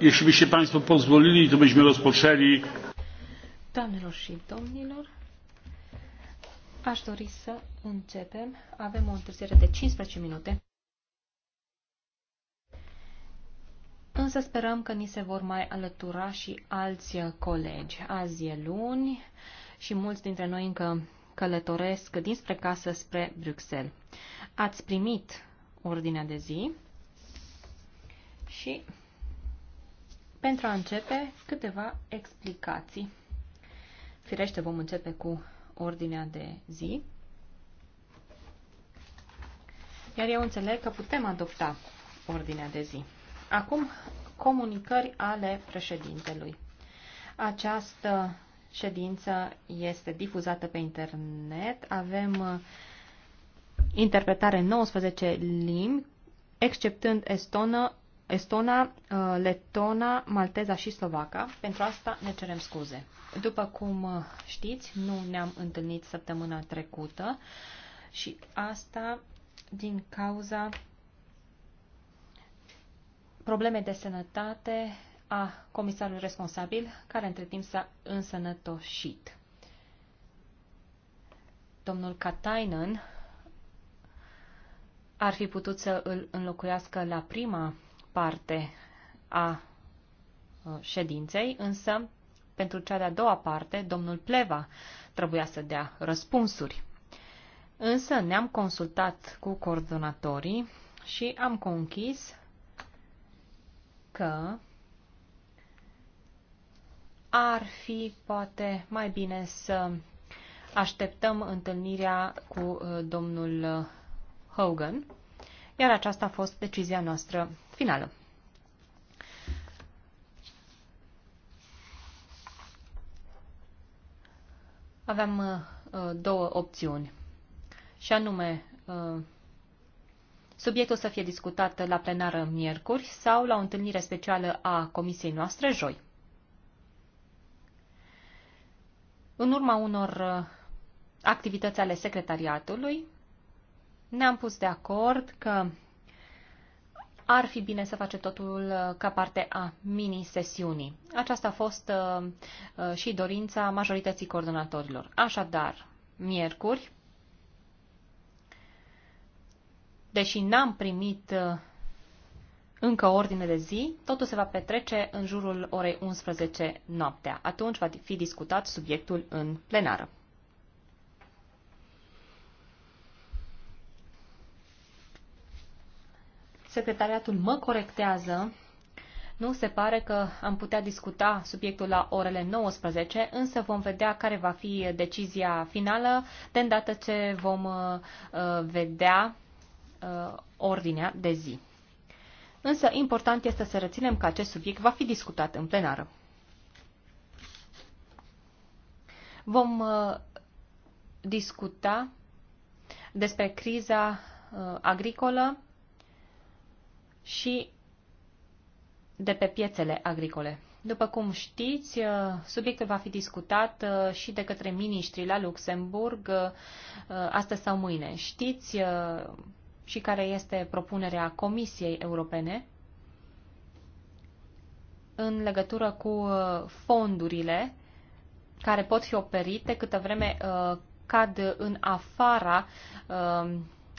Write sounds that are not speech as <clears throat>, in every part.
Jeśli byście Państwo pozwolili, to byśmy rozpoczęli. Doamnelor și domnilor, aș dori să începem. Avem o întârziere de 15 minute. Însă sperăm că ni se vor mai alătura și alți colegi. Azi e luni și mulți dintre noi încă călătoresc dinspre casă spre Bruxelles. Ați primit ordinea de zi și pentru a începe, câteva explicații. Firește, vom începe cu ordinea de zi. Iar eu înțeleg că putem adopta ordinea de zi. Acum, comunicări ale președintelui. Această ședință este difuzată pe internet. Avem uh, interpretare în 19 limbi, exceptând estonă, estona, uh, letona, malteza și slovaca. Pentru asta ne cerem scuze. După cum uh, știți, nu ne-am întâlnit săptămâna trecută și asta din cauza probleme de sănătate a comisarului responsabil, care între timp s-a însănătoșit. Domnul Katainen ar fi putut să îl înlocuiască la prima parte a uh, ședinței, însă pentru cea de-a doua parte, domnul Pleva trebuia să dea răspunsuri. Însă ne-am consultat cu coordonatorii și am conchis că ar fi poate mai bine să așteptăm întâlnirea cu uh, domnul uh, Hogan iar aceasta a fost decizia noastră finală. Aveam uh, două opțiuni, și anume uh, subiectul să fie discutat la plenară miercuri sau la o întâlnire specială a comisiei noastre joi. În urma unor uh, activități ale secretariatului, ne-am pus de acord că ar fi bine să face totul uh, ca parte a mini-sesiunii. Aceasta a fost uh, uh, și dorința majorității coordonatorilor. Așadar, miercuri, deși n-am primit încă ordine de zi, totul se va petrece în jurul orei 11 noaptea. Atunci va fi discutat subiectul în plenară. secretariatul mă corectează, nu se pare că am putea discuta subiectul la orele 19, însă vom vedea care va fi decizia finală de îndată ce vom uh, vedea uh, ordinea de zi. Însă important este să reținem că acest subiect va fi discutat în plenară. Vom uh, discuta despre criza agricolă și de pe piețele agricole. După cum știți, uh, subiectul va fi discutat uh, și de către miniștri la Luxemburg uh, astăzi sau mâine. Știți și care este propunerea Comisiei Europene în legătură cu fondurile care pot fi operite câtă vreme cad în afara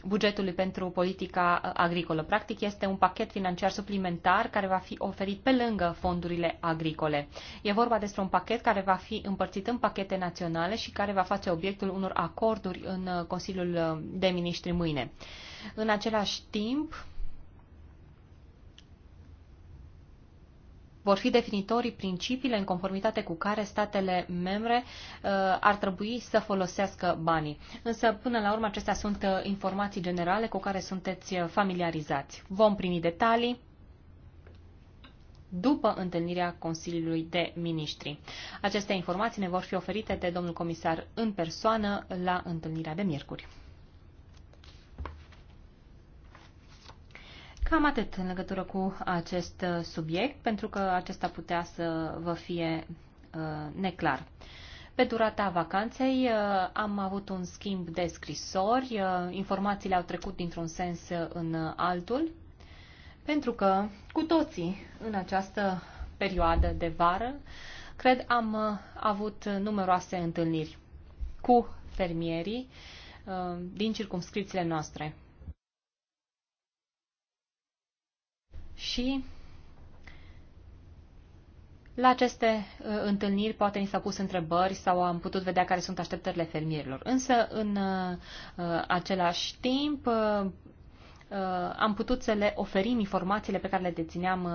bugetului pentru politica uh, agricolă. Practic este un pachet financiar suplimentar care va fi oferit pe lângă fondurile agricole. E vorba despre un pachet care va fi împărțit în pachete naționale și care va face obiectul unor acorduri în uh, Consiliul uh, de Ministri mâine. În același timp, vor fi definitorii principiile în conformitate cu care statele membre uh, ar trebui să folosească banii. Însă, până la urmă, acestea sunt uh, informații generale cu care sunteți uh, familiarizați. Vom primi detalii după întâlnirea Consiliului de Ministri. Aceste informații ne vor fi oferite de domnul comisar în persoană la întâlnirea de miercuri. Cam atât în legătură cu acest uh, subiect, pentru că acesta putea să vă fie uh, neclar. Pe durata vacanței uh, am avut un schimb de scrisori, uh, informațiile au trecut dintr-un sens în altul, pentru că cu toții în această perioadă de vară, cred am avut numeroase întâlniri cu fermierii din circumscripțiile noastre. și la aceste uh, întâlniri poate ni s-au pus întrebări sau am putut vedea care sunt așteptările fermierilor. Însă, în uh, uh, același timp, am putut să le oferim informațiile pe care le dețineam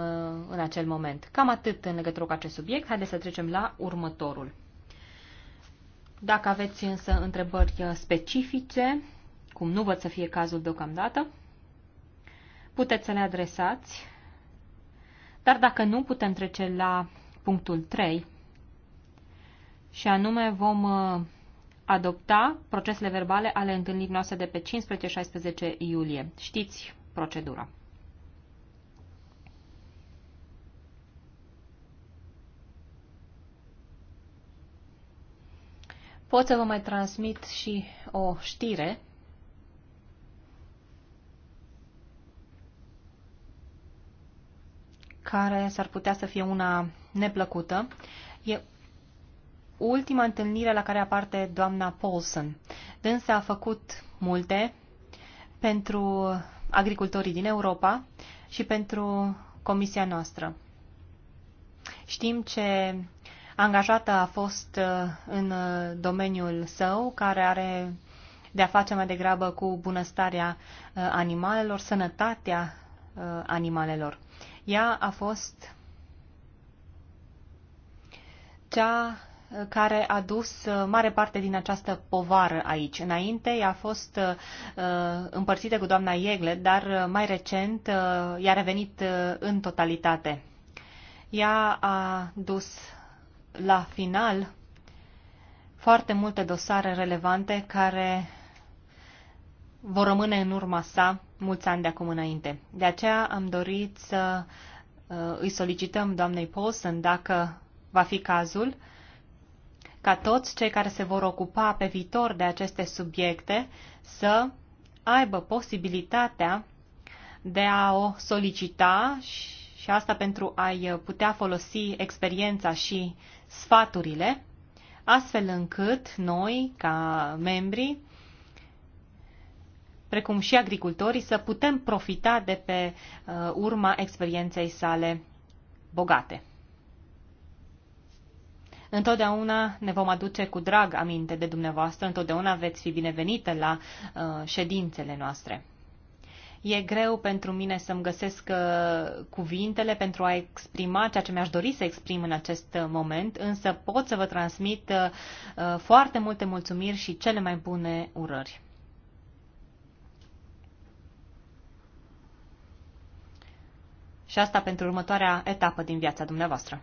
în acel moment. Cam atât în legătură cu acest subiect. Haideți să trecem la următorul. Dacă aveți însă întrebări specifice, cum nu văd să fie cazul deocamdată, puteți să le adresați dar dacă nu, putem trece la punctul 3 și anume vom uh, adopta procesele verbale ale întâlnirii noastre de pe 15-16 iulie. Știți procedura. Pot să vă mai transmit și o știre care s-ar putea să fie una neplăcută. E ultima întâlnire la care aparte doamna Paulson. Dânsa a făcut multe pentru agricultorii din Europa și pentru comisia noastră. Știm ce angajată a fost uh, în uh, domeniul său, care are de-a face mai degrabă cu bunăstarea uh, animalelor, sănătatea animalelor. Ea a fost cea uh, care a dus uh, mare parte din această povară aici. Înainte ea a fost uh, uh împărțită cu doamna Iegle, dar mai recent uh, i-a revenit uh, în totalitate. Ea a dus la final foarte multe dosare relevante care vor rămâne în urma sa mulți ani de acum înainte. De aceea am dorit să uh, îi solicităm doamnei Paulson, dacă va fi cazul, ca toți cei care se vor ocupa pe viitor de aceste subiecte să aibă posibilitatea de a o solicita și asta pentru a-i putea folosi experiența și sfaturile, astfel încât noi, ca membri, precum și agricultorii, să putem profita de pe uh, urma experienței sale bogate. Întotdeauna ne vom aduce cu drag aminte de dumneavoastră, întotdeauna veți fi binevenită la uh, ședințele noastre. E greu pentru mine să-mi găsesc uh, cuvintele pentru a exprima ceea ce mi-aș dori să exprim în acest uh, moment, însă pot să vă transmit foarte multe mulțumiri și cele mai bune urări. Și asta pentru următoarea etapă din viața dumneavoastră.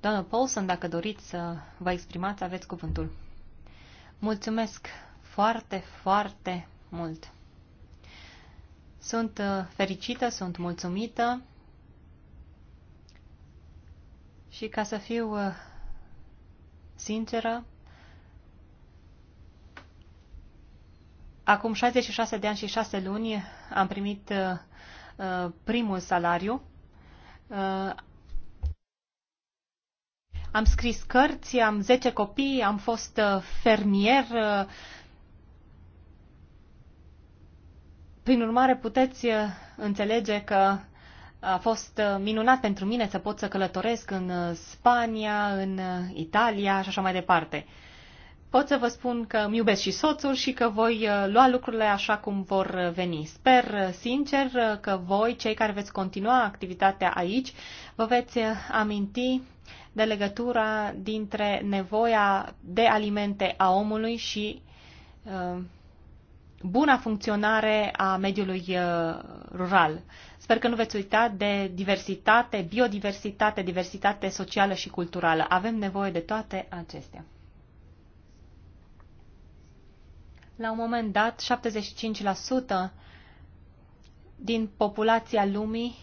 Doamnă Paulson, dacă doriți să vă exprimați, aveți cuvântul. Mulțumesc foarte, foarte mult! Sunt uh, fericită, sunt mulțumită și ca să fiu uh, sinceră, acum 66 de ani și 6 luni am primit uh, primul salariu. Am scris cărți, am 10 copii, am fost fermier, Prin urmare, puteți uh, înțelege că a fost uh, minunat pentru mine să pot să călătoresc în uh, Spania, în Italia și așa mai departe. Pot să vă spun că îmi iubesc și soțul și că voi lua lucrurile așa cum vor veni. Sper sincer că voi, cei care veți continua activitatea aici, vă veți aminti de legătura dintre nevoia de alimente a omului și uh, buna funcționare a mediului uh, rural. Sper că nu veți uita de diversitate, biodiversitate, diversitate socială și culturală. Avem nevoie de toate acestea. La un moment dat, 75% din populația lumii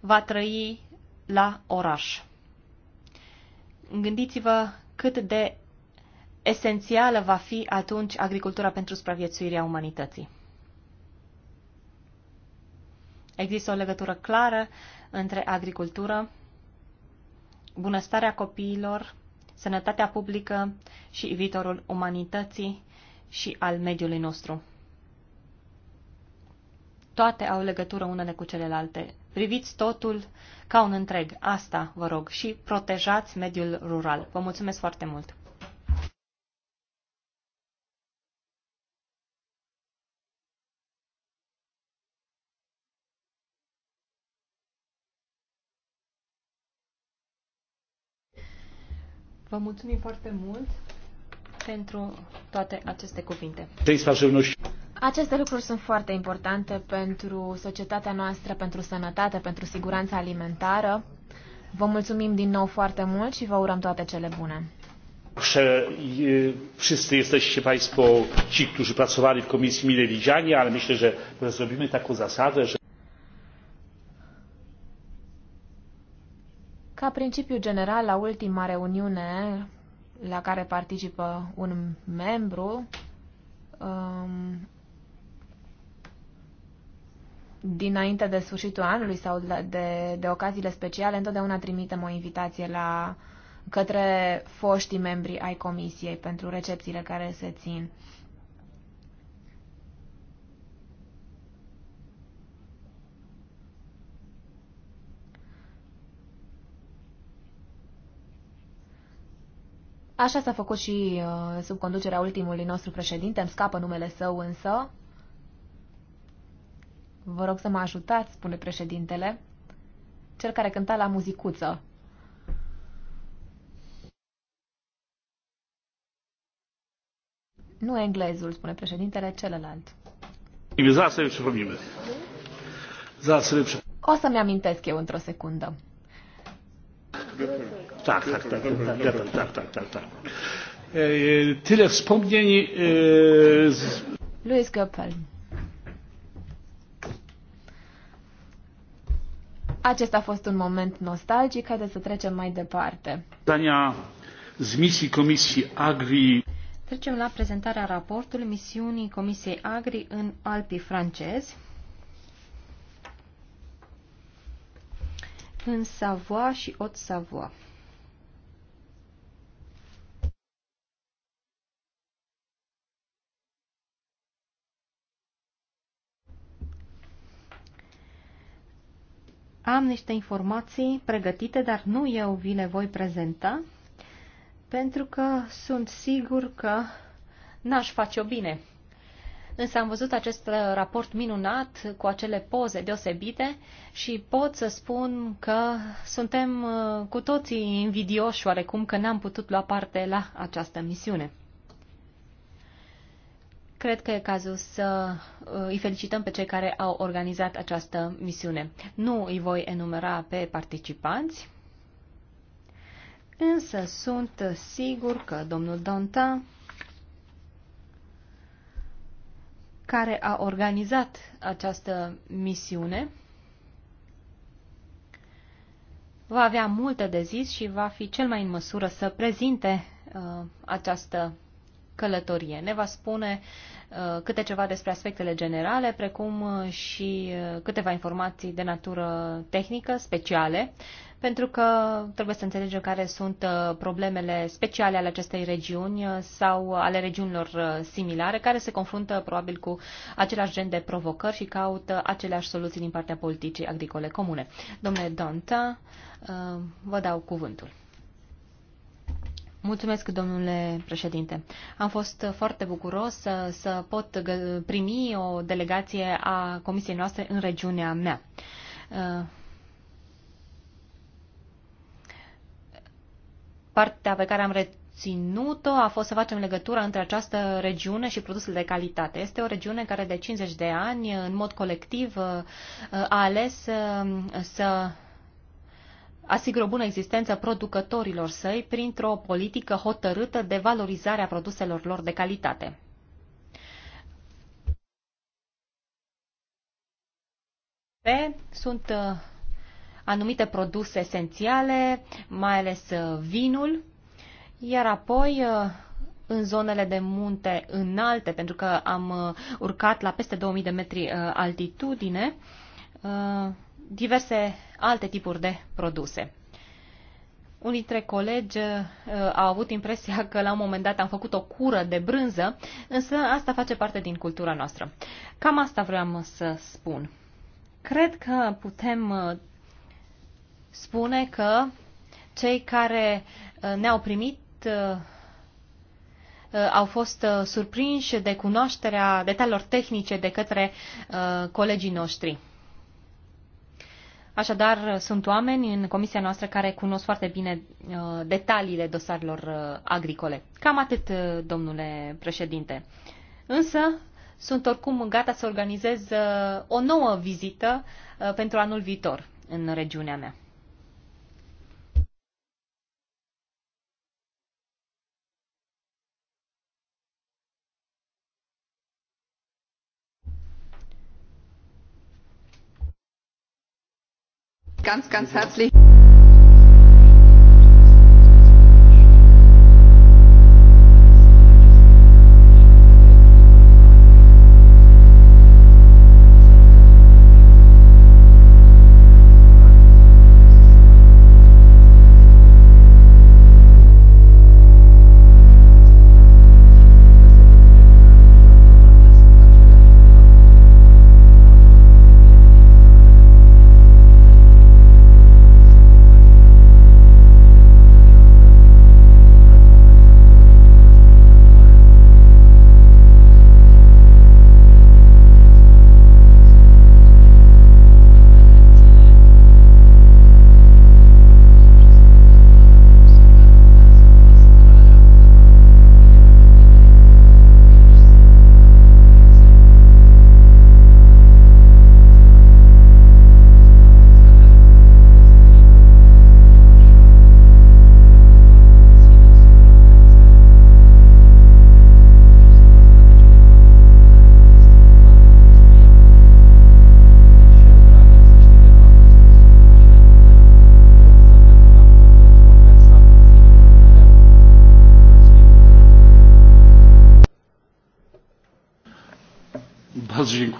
va trăi la oraș. Gândiți-vă cât de esențială va fi atunci agricultura pentru supraviețuirea umanității. Există o legătură clară între agricultură, bunăstarea copiilor, sănătatea publică și viitorul umanității și al mediului nostru. Toate au legătură unele cu celelalte. Priviți totul ca un întreg. Asta vă rog și protejați mediul rural. Vă mulțumesc foarte mult! Vă mulțumim foarte mult pentru toate aceste cuvinte. Aceste lucruri sunt foarte importante pentru societatea noastră, pentru sănătate, pentru siguranța alimentară. Vă mulțumim din nou foarte mult și vă urăm toate cele bune. Wszyscy jesteście Państwo ci, którzy pracowali w Komisji Mile Widziani, ale myślę, że zrobimy taką zasadę, że Ca principiu general, la ultima reuniune la care participă un membru, um, dinainte de sfârșitul anului sau de, de ocaziile speciale, întotdeauna trimitem o invitație la către foștii membri ai comisiei pentru recepțiile care se țin. Așa s-a făcut și uh, sub conducerea ultimului nostru președinte, îmi scapă numele său însă. Vă rog să mă ajutați, spune președintele, cel care cânta la muzicuță. Nu englezul, spune președintele, celălalt. O să-mi amintesc eu într-o secundă. Tak, tak, tak, tak, tak, tak, tak, tak. Tyle wspomnień. Louis Goppel. Acesta a fost un moment nostalgic, haideți să trecem mai departe. Dania z misji Komisji Agri. Trecem la prezentarea raportului misiunii Comisiei Agri în Alpii francezi, în Savoie și Haute-Savoie. Am niște informații pregătite, dar nu eu vi le voi prezenta, pentru că sunt sigur că n-aș face-o bine. Însă am văzut acest raport minunat cu acele poze deosebite și pot să spun că suntem uh, cu toții invidioși oarecum că n-am putut lua parte la această misiune. Cred că e cazul să uh, îi felicităm pe cei care au organizat această misiune. Nu îi voi enumera pe participanți, însă sunt sigur că domnul Donta, care a organizat această misiune, va avea multe de zis și va fi cel mai în măsură să prezinte uh, această călătorie. Ne va spune uh, câte ceva despre aspectele generale, precum uh, și uh, câteva informații de natură tehnică speciale, pentru că trebuie să înțelegem care sunt problemele speciale ale acestei regiuni sau ale regiunilor similare, care se confruntă probabil cu același gen de provocări și caută aceleași soluții din partea politicii agricole comune. Domnule Donta, vă dau cuvântul. Mulțumesc, domnule președinte. Am fost foarte bucuros să, să pot primi o delegație a comisiei noastre în regiunea mea. Uh, partea pe care am reținut o a fost să facem legătura între această regiune și produsele de calitate. Este o regiune care de 50 de ani, în mod colectiv, uh, a ales uh, să asigură o bună existență producătorilor săi printr-o politică hotărâtă de valorizare a produselor lor de calitate. P sunt uh, anumite produse esențiale, mai ales uh, vinul, iar apoi uh, în zonele de munte înalte, pentru că am urcat la peste 2000 de metri altitudine, diverse alte tipuri de produse. Unii dintre colegi uh, au avut impresia că la un moment dat am făcut o cură de brânză, însă asta face parte din cultura noastră. Cam asta vreau să spun. Cred că putem uh, spune că cei care uh, ne-au primit uh, uh au fost uh, surprinși de cunoașterea detaliilor tehnice de către uh, colegii noștri. Așadar, sunt oameni în comisia noastră care cunosc foarte bine uh, detaliile dosarelor uh, agricole. Cam atât, uh, domnule președinte. Însă, sunt oricum gata să organizez o nouă vizită pentru anul viitor în regiunea mea. ganz, ganz herzlich.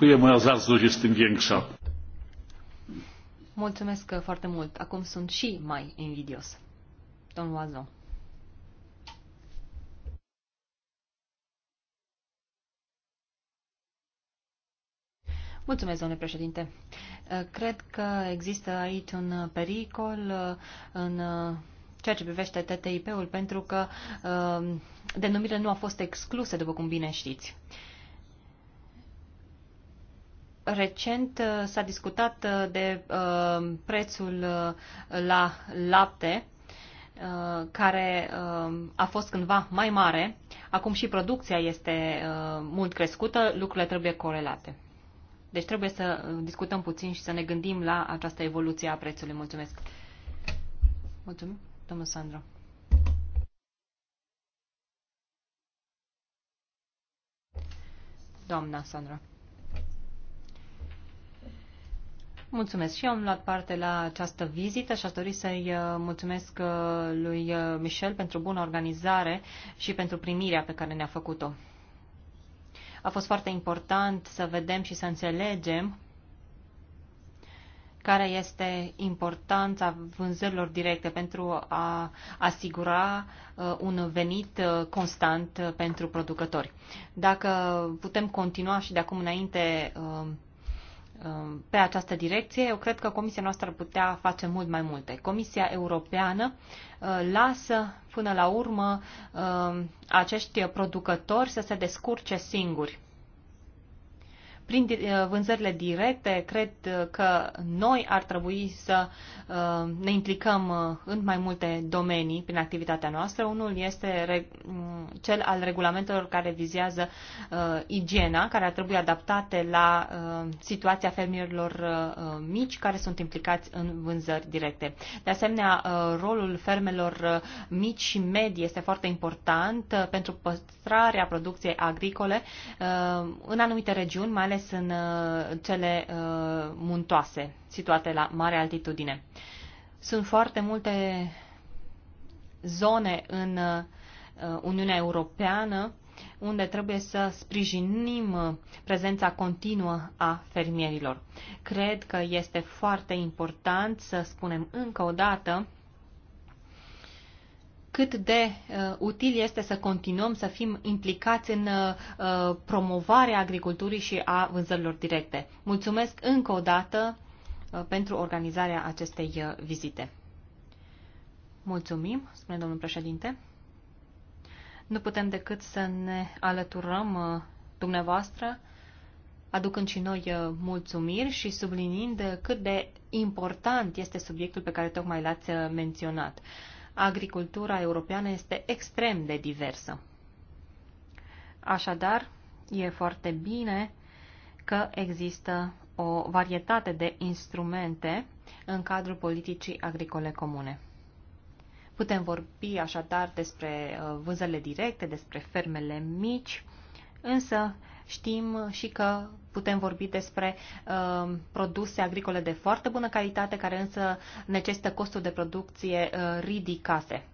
dziękuję. Moja zazdrość jest tym większa. Mulțumesc foarte mult. Acum sunt și mai invidios. Domnul Oazon. Mulțumesc, domnule președinte. Cred că există aici un pericol în ceea ce privește TTIP-ul, pentru că um, denumirea nu a fost exclusă după cum bine știți. Recent uh, s-a discutat uh, de uh, prețul la lapte care a fost cândva mai mare, acum și producția este mult crescută, lucrurile trebuie corelate. Deci trebuie să discutăm puțin și să ne gândim la această evoluție a prețului. Mulțumesc. Mulțumim, domnul Sandro. Doamna Sandra. Mulțumesc și eu am luat parte la această vizită și aș dori să-i uh, mulțumesc uh, lui uh, Michel pentru bună organizare și pentru primirea pe care ne-a făcut-o. A fost foarte important să vedem și să înțelegem care este importanța vânzărilor directe pentru a asigura un venit constant pentru producători. Dacă putem continua și de acum înainte Um, pe această direcție, eu cred că Comisia noastră ar putea face mult mai multe. Comisia Europeană uh, lasă până la urmă um, acești producători să se descurce singuri prin uh, vânzările directe, cred uh, că noi ar trebui să uh, ne implicăm în mai multe domenii prin activitatea noastră. Unul este mm, cel al regulamentelor care vizează igiena, care ar trebui adaptate la situația fermierilor mici care sunt implicați în vânzări directe. De asemenea, rolul fermelor mici și medii este foarte important pentru păstrarea producției agricole în anumite regiuni, mai ales ales în uh, cele uh, muntoase, situate la mare altitudine. Sunt foarte multe zone în uh, Uniunea Europeană unde trebuie să sprijinim prezența continuă a fermierilor. Cred că este foarte important să spunem încă o dată cât de uh, util este să continuăm să fim implicați în uh, uh, promovarea agriculturii și a vânzărilor directe. Mulțumesc încă o dată uh, pentru organizarea acestei uh, vizite. Mulțumim, spune domnul președinte. Nu putem decât să ne alăturăm uh, dumneavoastră, aducând și noi uh, mulțumiri și sublinind cât de important este subiectul pe care tocmai l-ați uh, menționat. Uh, agricultura europeană este extrem de diversă. Așadar, e foarte bine că există o varietate de instrumente în cadrul politicii agricole comune. Putem vorbi așadar despre uh, vânzările directe, despre fermele mici, însă Știm și că putem vorbi despre uh, produse agricole de foarte bună calitate, care însă necesită costuri de producție uh, ridicate.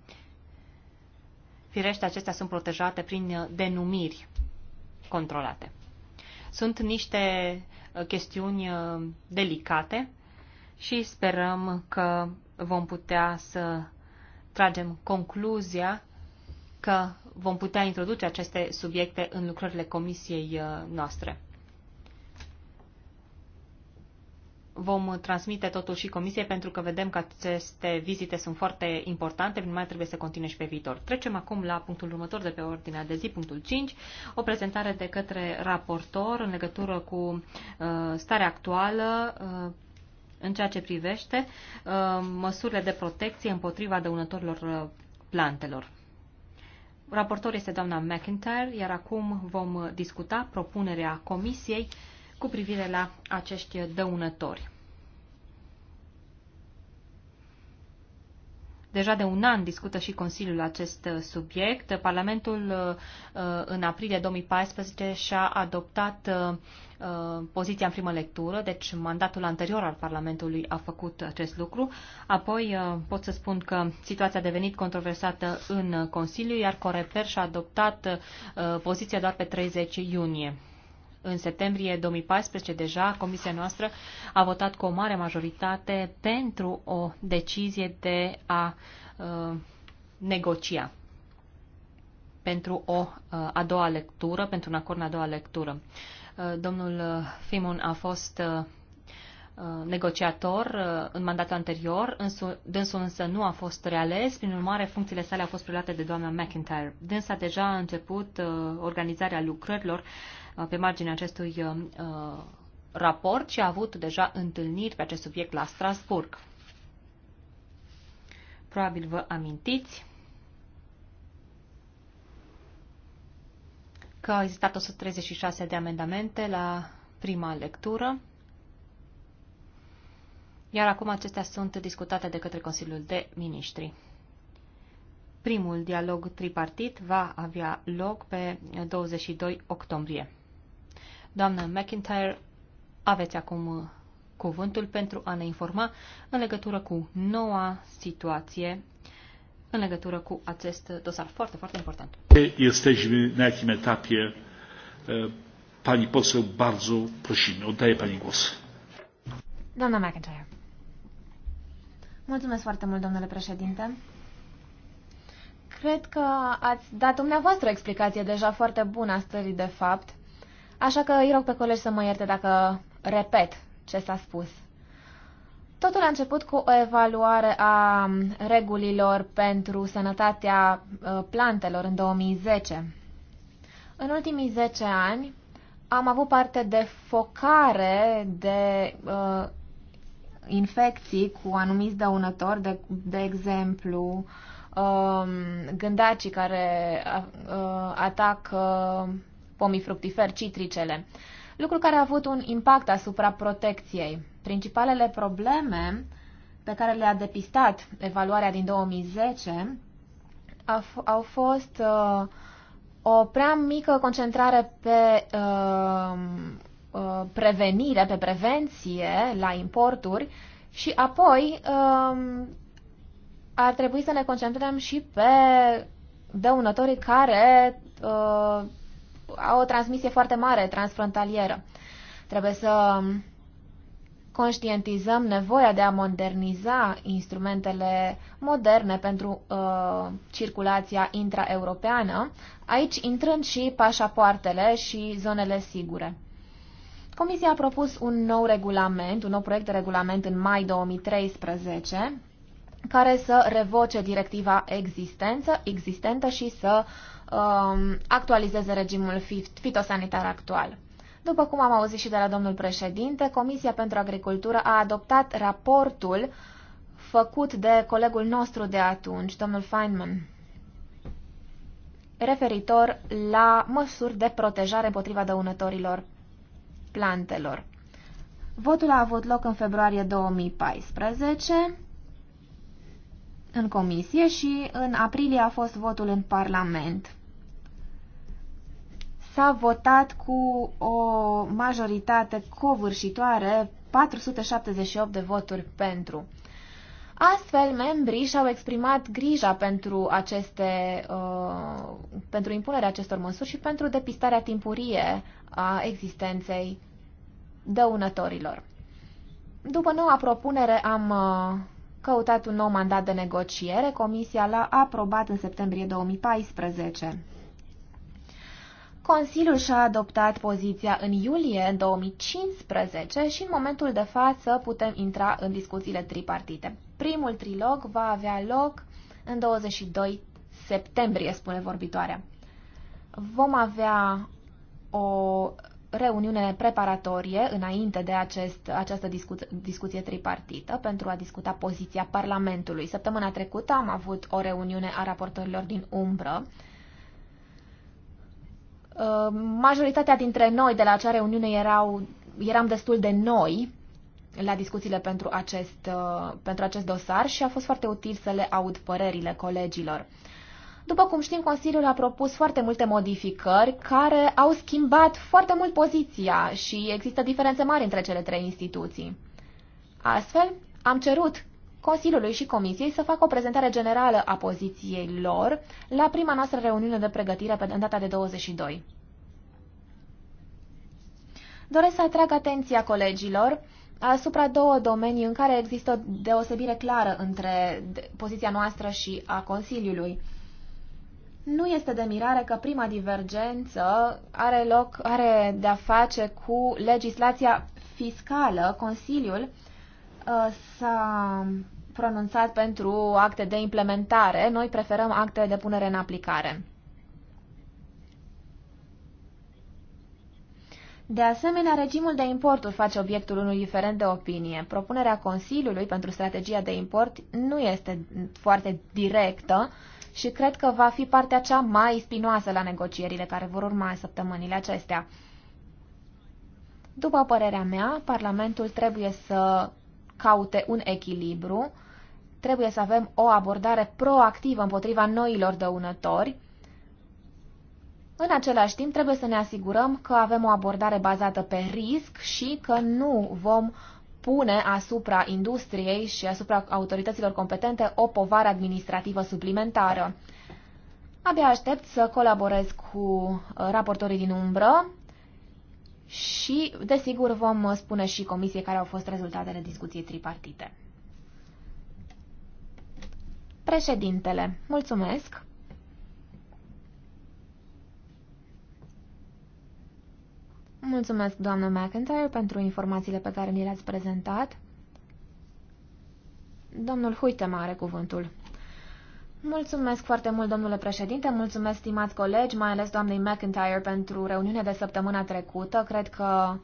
Firește, acestea sunt protejate prin uh, denumiri controlate. Sunt niște uh, chestiuni uh, delicate și sperăm că vom putea să tragem concluzia că vom putea introduce aceste subiecte în lucrările comisiei uh, noastre. Vom transmite totul și comisiei pentru că vedem că aceste vizite sunt foarte importante, prin mai trebuie să continue și pe viitor. Trecem acum la punctul următor de pe ordinea de zi, punctul 5, o prezentare de către raportor în legătură cu uh, starea actuală uh, în ceea ce privește uh, măsurile de protecție împotriva dăunătorilor uh, plantelor. Raportor este doamna McIntyre, iar acum vom discuta propunerea Comisiei cu privire la acești dăunători. Deja de un an discută și Consiliul acest uh, subiect. Parlamentul uh, uh, în aprilie 2014 și-a adoptat poziția în primă lectură, deci mandatul anterior al Parlamentului a făcut acest lucru. Apoi pot să spun că situația a devenit controversată în Consiliu, iar Coreper și-a adoptat poziția doar pe 30 iunie. În septembrie 2014 deja comisia noastră a votat cu o mare majoritate pentru o decizie de a uh, negocia pentru o uh, a doua lectură, pentru un acord în a doua lectură. Uh, domnul uh, Fimon a fost uh, uh negociator uh, în mandatul anterior, însă, dânsul însă nu a fost reales, prin urmare funcțiile sale au fost preluate de doamna McIntyre. Dânsa deja a început organizarea lucrărilor Uh, pe marginea acestui uh, uh, raport și a avut deja întâlniri pe acest subiect la Strasburg. Probabil vă amintiți că au existat 136 de amendamente la prima lectură, iar acum acestea sunt discutate de către Consiliul de Ministri. Primul dialog tripartit va avea loc pe 22 octombrie. Doamnă McIntyre, aveți acum uh, cuvântul pentru a ne informa în legătură cu noua situație în legătură cu acest uh, dosar foarte, foarte important. Jesteśmy na jakim etapie. Pani poseł, bardzo prosimy. Oddaję Pani głos. Doamna McIntyre. Mulțumesc foarte mult, domnule președinte. Cred că ați dat dumneavoastră o explicație deja foarte bună a stării de fapt. Așa că îi rog pe colegi să mă ierte dacă repet ce s-a spus. Totul a început cu o evaluare a regulilor pentru sănătatea ă, plantelor în 2010. În ultimii 10 ani am avut parte de focare de uh, infecții cu anumiți dăunători, de, de exemplu, uh, gândacii care uh, atacă pomii fructiferi, citricele, lucru care a avut un impact asupra protecției. Principalele probleme pe care le-a depistat evaluarea din 2010 au fost uh, o prea mică concentrare pe uh, uh, prevenire, pe prevenție la importuri și apoi uh, ar trebui să ne concentrăm și pe dăunătorii care uh, au o transmisie foarte mare, transfrontalieră. Trebuie să conștientizăm nevoia de a moderniza instrumentele moderne pentru uh, circulația intraeuropeană, aici intrând și pașapoartele și zonele sigure. Comisia a propus un nou regulament, un nou proiect de regulament în mai 2013, care să revoce directiva existență, existentă și să uh, Um, actualizeze regimul fitosanitar actual. După cum am auzit și de la domnul președinte, Comisia pentru Agricultură a adoptat raportul făcut de colegul nostru de atunci, domnul Feynman, referitor la măsuri de protejare împotriva dăunătorilor plantelor. Votul a avut loc în februarie 2014 în comisie și în aprilie a fost votul în Parlament s-a votat cu o majoritate covârșitoare, 478 de voturi pentru. Astfel, membrii și-au exprimat grija pentru, aceste, uh, pentru impunerea acestor măsuri și pentru depistarea timpurie a existenței dăunătorilor. După noua propunere am uh, căutat un nou mandat de negociere. Comisia l-a aprobat în septembrie 2014. Consiliul și-a adoptat poziția în iulie 2015 și în momentul de față putem intra în discuțiile tripartite. Primul trilog va avea loc în 22 septembrie, spune vorbitoarea. Vom avea o reuniune preparatorie înainte de acest, această discu- discuție tripartită pentru a discuta poziția Parlamentului. Săptămâna trecută am avut o reuniune a raportorilor din umbră Uh, majoritatea dintre noi de la acea reuniune erau, eram destul de noi la discuțiile pentru acest, uh, pentru acest dosar și a fost foarte util să le aud părerile colegilor. După cum știm, Consiliul a propus foarte multe modificări care au schimbat foarte mult poziția și există diferențe mari între cele trei instituții. Astfel, am cerut Consiliului și Comisiei să facă o prezentare generală a poziției lor la prima noastră reuniune de pregătire pe data de 22. Doresc să atrag atenția colegilor asupra două domenii în care există o deosebire clară între poziția noastră și a Consiliului. Nu este de mirare că prima divergență are loc, are de-a face cu legislația fiscală. Consiliul uh, s-a pronunțat pentru acte de implementare. Noi preferăm acte de punere în aplicare. De asemenea, regimul de importuri face obiectul unui diferent de opinie. Propunerea Consiliului pentru strategia de import nu este foarte directă și cred că va fi partea cea mai spinoasă la negocierile care vor urma în săptămânile acestea. După părerea mea, Parlamentul trebuie să caute un echilibru trebuie să avem o abordare proactivă împotriva noilor dăunători. În același timp, trebuie să ne asigurăm că avem o abordare bazată pe risc și că nu vom pune asupra industriei și asupra autorităților competente o povară administrativă suplimentară. Abia aștept să colaborez cu uh, raportorii din umbră și, desigur, vom spune și comisiei care au fost rezultatele discuției tripartite. Președintele, mulțumesc. Mulțumesc, doamnă McIntyre, pentru informațiile pe care ni le-ați prezentat. Domnul Huitema are cuvântul. Mulțumesc foarte mult, domnule președinte, mulțumesc, stimați colegi, mai ales doamnei McIntyre, pentru reuniunea de săptămâna trecută. Cred că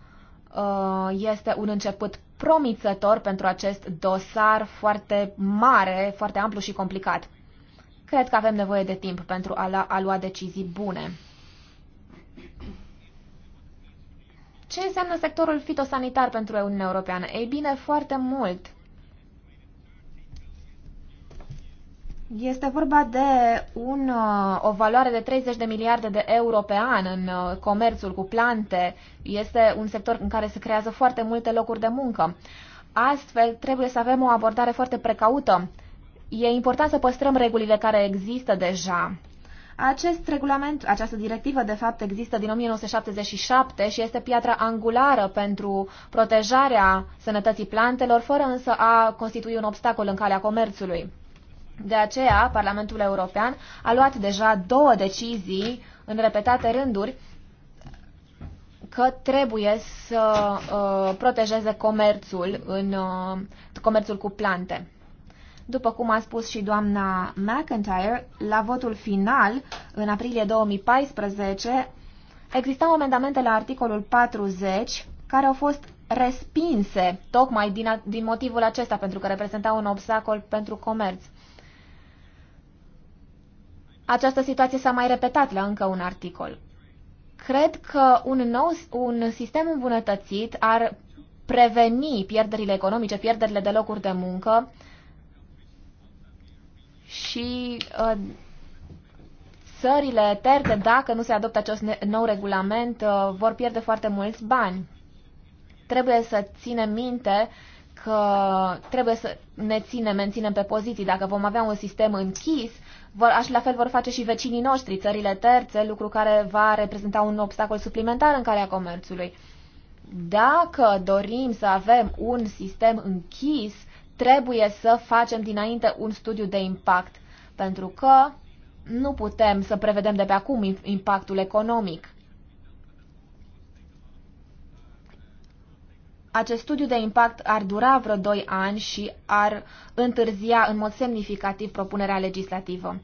Uh, este un început promițător pentru acest dosar foarte mare, foarte amplu și complicat. Cred că avem nevoie de timp pentru a, la, a lua decizii bune. Ce înseamnă sectorul fitosanitar pentru Uniunea Europeană? Ei bine, foarte mult. Este vorba de un, uh, o valoare de 30 de miliarde de euro pe an în uh, comerțul cu plante. Este un sector în care se creează foarte multe locuri de muncă. Astfel, trebuie să avem o abordare foarte precaută. E important să păstrăm regulile care există deja. Acest regulament, această directivă, de fapt, există din 1977 și este piatra angulară pentru protejarea sănătății plantelor, fără însă a constitui un obstacol în calea comerțului. De aceea, Parlamentul European a luat deja două decizii în repetate rânduri că trebuie să uh, protejeze comerțul, în, uh, comerțul cu plante. După cum a spus și doamna McIntyre, la votul final, în aprilie 2014, existau amendamente la articolul 40 care au fost respinse tocmai din, din motivul acesta, pentru că reprezentau un obstacol pentru comerț. Această situație s-a mai repetat la încă un articol. Cred că un, nou, un sistem îmbunătățit ar preveni pierderile economice, pierderile de locuri de muncă și uh, țările terte, dacă nu se adoptă acest nou regulament, uh, vor pierde foarte mulți bani. Trebuie să ținem minte că trebuie să ne ținem, menținem pe poziții. Dacă vom avea un sistem închis, vor, aș, la fel vor face și vecinii noștri, țările terțe, lucru care va reprezenta un obstacol suplimentar în calea comerțului. Dacă dorim să avem un sistem închis, trebuie să facem dinainte un studiu de impact, pentru că nu putem să prevedem de pe acum impactul economic. acest studiu de impact ar dura vreo 2 ani și ar întârzia în mod semnificativ propunerea legislativă.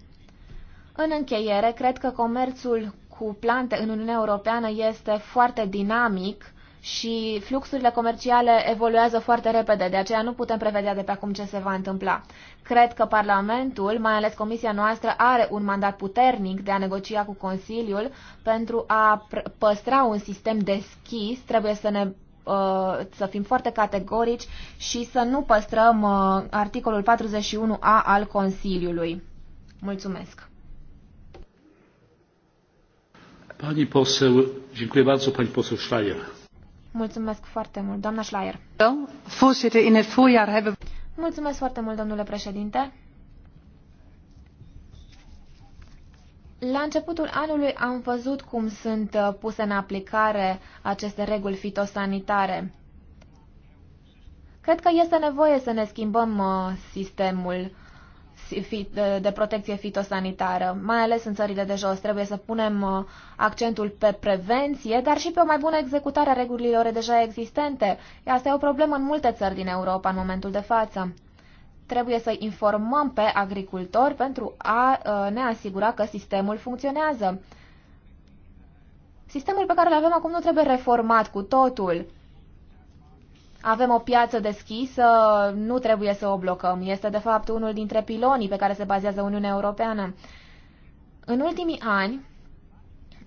În încheiere, cred că comerțul cu plante în Uniunea Europeană este foarte dinamic și fluxurile comerciale evoluează foarte repede, de aceea nu putem prevedea de pe acum ce se va întâmpla. Cred că Parlamentul, mai ales Comisia noastră, are un mandat puternic de a negocia cu Consiliul pentru a păstra un sistem deschis. Trebuie să ne Uh, să fim foarte categorici și să nu păstrăm uh, articolul 41A al Consiliului. Mulțumesc. Pani poseł, dziękuję bardzo, pani poseł Schleier. Mulțumesc foarte mult, doamna Schleier. Mulțumesc foarte mult, domnule președinte. La începutul anului am văzut cum sunt uh, puse în aplicare aceste reguli fitosanitare. Cred că este nevoie să ne schimbăm uh, sistemul de protecție fitosanitară, mai ales în țările de jos. Trebuie să punem uh, accentul pe prevenție, dar și pe o mai bună executare a regulilor deja existente. Asta e o problemă în multe țări din Europa în momentul de față trebuie să informăm pe agricultori pentru a ă, ne asigura că sistemul funcționează. Sistemul pe care îl avem acum nu trebuie reformat cu totul. Avem o piață deschisă, nu trebuie să o blocăm. Este, de fapt, unul dintre pilonii pe care se bazează Uniunea Europeană. În ultimii ani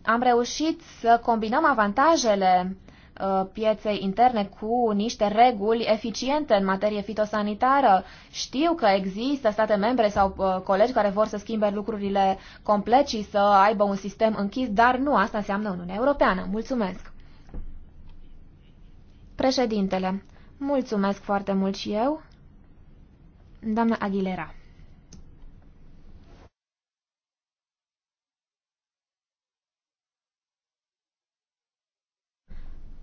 am reușit să combinăm avantajele Uh, pieței interne cu niște reguli eficiente în materie fitosanitară. Știu că există state membre sau uh, colegi care vor să schimbe lucrurile complet și să aibă un sistem închis, dar nu asta înseamnă Uniunea Europeană. Mulțumesc! Președintele, mulțumesc foarte mult și eu. Doamna Aguilera.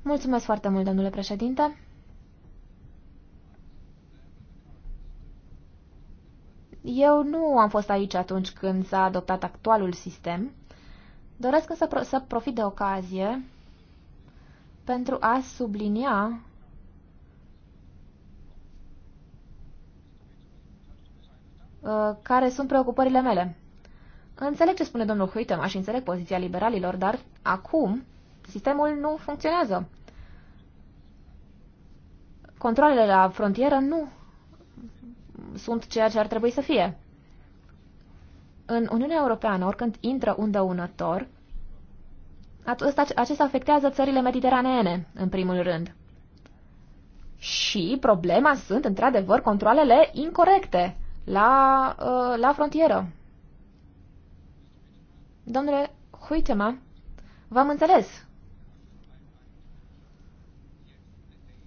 Mulțumesc foarte mult, domnule președinte. Eu nu am fost aici atunci când s-a adoptat actualul sistem. Doresc să, pro- să profit de ocazie pentru a sublinia uh, care sunt preocupările mele. Înțeleg ce spune domnul Huitema și înțeleg poziția liberalilor, dar acum Sistemul nu funcționează. Controlele la frontieră nu sunt ceea ce ar trebui să fie. În Uniunea Europeană, oricând intră un dăunător, acesta afectează țările mediteraneene, în primul rând. Și problema sunt, într-adevăr, controlele incorrecte la, uh, la frontieră. Domnule Huitema, v-am înțeles.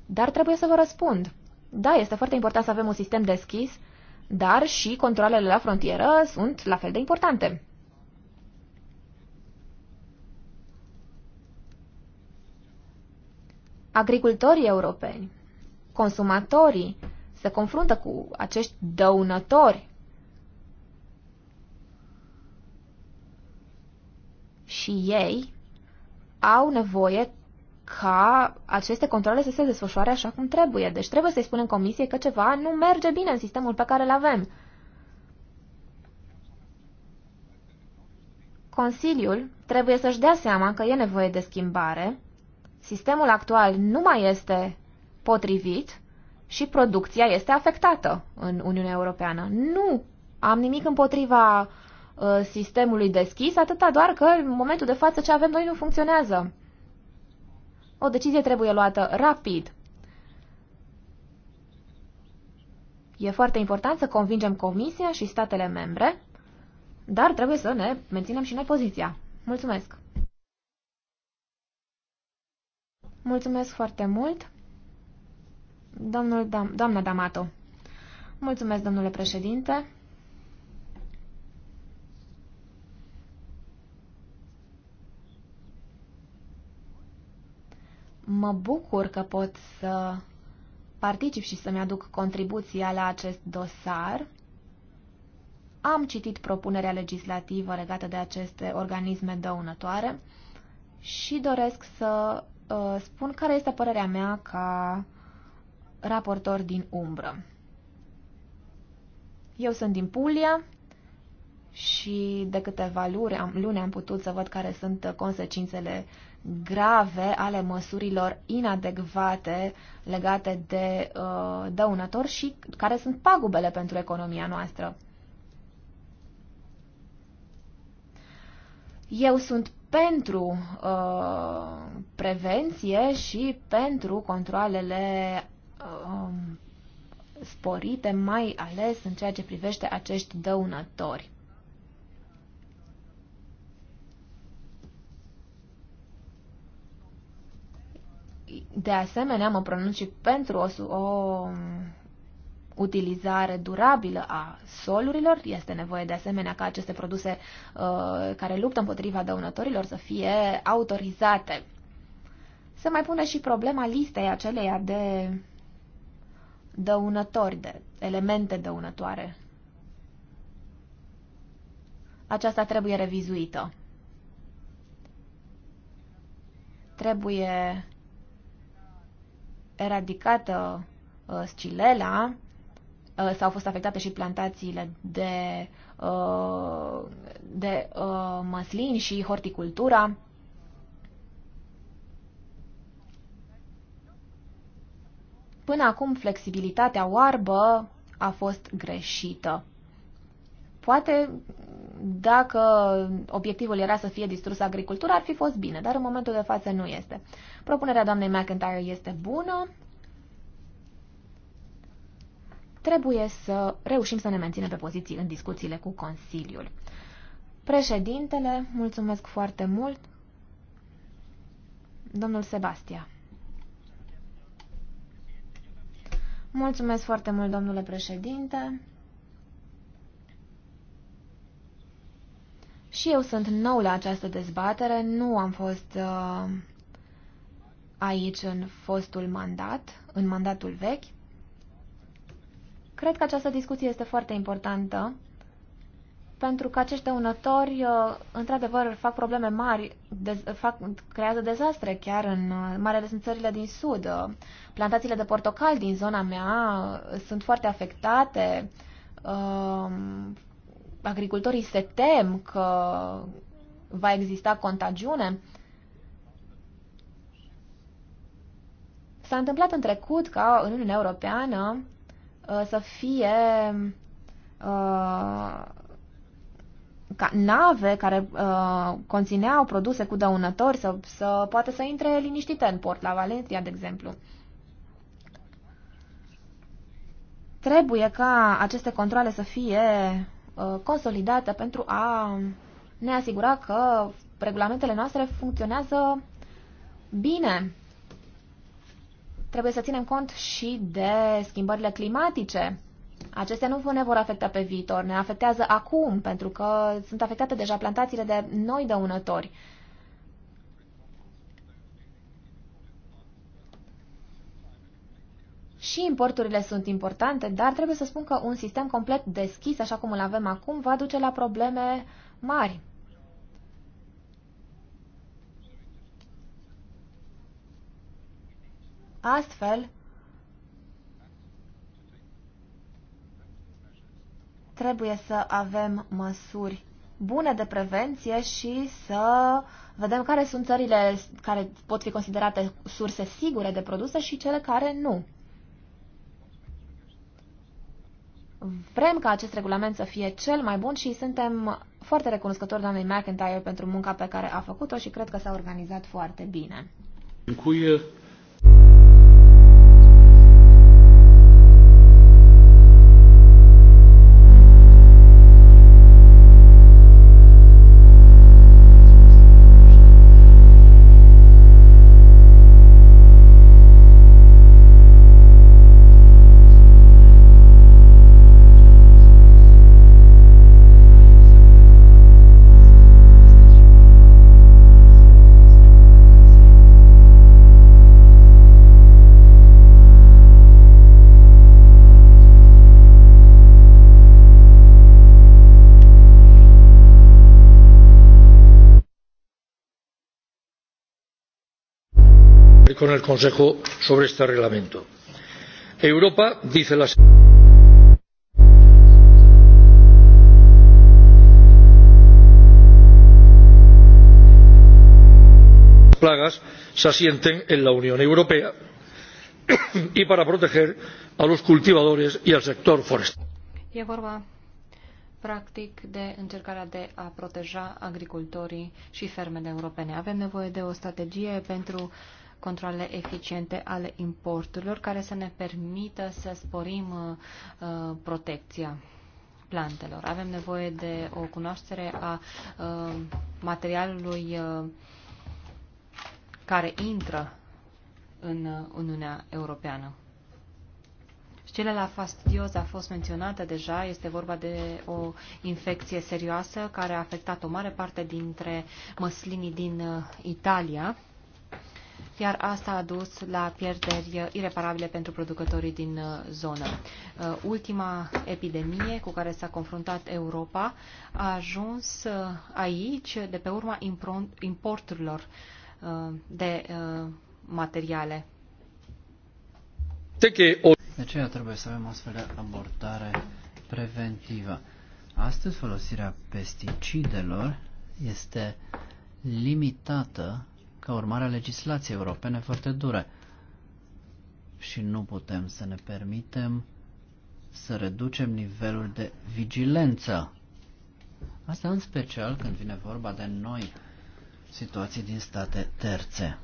Dar trebuie să vă răspund. Da, este foarte important să avem un sistem deschis, dar și controlele la frontieră sunt la fel de importante. Agricultorii europeni, consumatorii, se confruntă cu acești dăunători și ei au nevoie ca aceste controle să se desfășoare așa cum trebuie. Deci trebuie să-i spunem comisiei că ceva nu merge bine în sistemul pe care îl avem. Consiliul trebuie să-și dea seama că e nevoie de schimbare, sistemul actual nu mai este potrivit și producția este afectată în Uniunea Europeană. Nu am nimic împotriva uh, sistemului deschis, atâta doar că în momentul de față ce avem noi nu funcționează. O decizie trebuie luată rapid. E foarte important să convingem Comisia și statele membre, dar trebuie să ne menținem și noi poziția. Mulțumesc! Mulțumesc foarte mult, domnul doamna Damato. Mulțumesc, domnule președinte. Mă bucur că pot să particip și să-mi aduc contribuția la acest dosar. Am citit propunerea legislativă legată de aceste organisme dăunătoare și doresc să uh, spun care este părerea mea ca raportor din umbră. Eu sunt din Puglia și de câteva luni am, luni am putut să văd care sunt consecințele uh, grave ale măsurilor inadecvate legate de uh, dăunători și care sunt pagubele pentru economia noastră. Eu sunt pentru uh, prevenție și pentru controlele uh, sporite, mai ales în ceea ce privește acești dăunători. de asemenea, mă pronunț și pentru o, o um, utilizare durabilă a solurilor. Este nevoie de asemenea ca aceste produse uh, care luptă împotriva dăunătorilor să fie autorizate. Se mai pune și problema listei aceleia de dăunători, de elemente dăunătoare. Aceasta trebuie revizuită. Trebuie eradicată uh, scilela, uh, s-au fost afectate și plantațiile de, uh, de uh, măslin și horticultura. Până acum, flexibilitatea oarbă a fost greșită. Poate dacă obiectivul era să fie distrusă agricultura, ar fi fost bine, dar în momentul de față nu este. Propunerea doamnei McIntyre este bună. Trebuie să reușim să ne menținem pe poziții în discuțiile cu Consiliul. Președintele, mulțumesc foarte mult. Domnul Sebastia. Mulțumesc foarte mult, domnule președinte. Și eu sunt nou la această dezbatere, nu am fost uh, aici în fostul mandat, în mandatul vechi. Cred că această discuție este foarte importantă, pentru că acești dăunători, uh, într-adevăr, fac probleme mari, de, fac, creează dezastre chiar în, uh, mai ales în țările din sud. Uh, plantațiile de portocal din zona mea uh, sunt foarte afectate, uh, agricultorii se tem că va exista contagiune. S-a întâmplat în trecut ca în Uniunea Europeană uh, să fie uh, ca nave care uh, conțineau produse cu dăunători să, să poată să intre liniștite în port, la Valencia, de exemplu. Trebuie ca aceste controle să fie Uh, consolidată pentru a ne asigura că regulamentele noastre funcționează bine. Trebuie să ținem cont și de schimbările climatice. Acestea nu ne vor afecta pe viitor, ne afectează acum, pentru că sunt afectate deja plantațiile de noi dăunători. Uh, și importurile sunt importante, dar trebuie să spun că un sistem complet deschis, așa cum îl avem acum, va duce la probleme mari. Astfel, trebuie să avem măsuri bune de prevenție și să vedem care sunt țările care pot fi considerate surse sigure de produse și cele care nu. Vrem ca acest regulament să fie cel mai bun și suntem foarte recunoscători doamnei McIntyre pentru munca pe care a făcut-o și cred că s-a organizat foarte bine. Dziękuję. con el consejo sobre este reglamento. europa dice la plagas se asienten en la unión europea y para proteger a los cultivadores y al sector forestal. E vorba, practic, de încercarea de a proteja agricultorii și fermele europene. Avem nevoie de o strategie pentru controle eficiente ale importurilor care să ne permită să sporim uh, uh, protecția plantelor. Avem nevoie de o cunoaștere a uh, materialului uh, care intră în uh, Uniunea Europeană. Scelala fastidioz a fost menționată deja, este vorba de o infecție serioasă care a afectat o mare parte dintre măslinii din uh, Italia iar asta a dus la pierderi ireparabile pentru producătorii din uh, zonă. Uh, ultima epidemie cu care s-a confruntat Europa a ajuns uh, aici de pe urma importurilor de materiale. De aceea trebuie să avem astfel de abordare preventivă. Astăzi folosirea pesticidelor este limitată ca urmare a legislației europene foarte dure. Și nu putem să ne permitem să reducem nivelul de vigilență. Asta în special când vine vorba de noi situații din state terțe.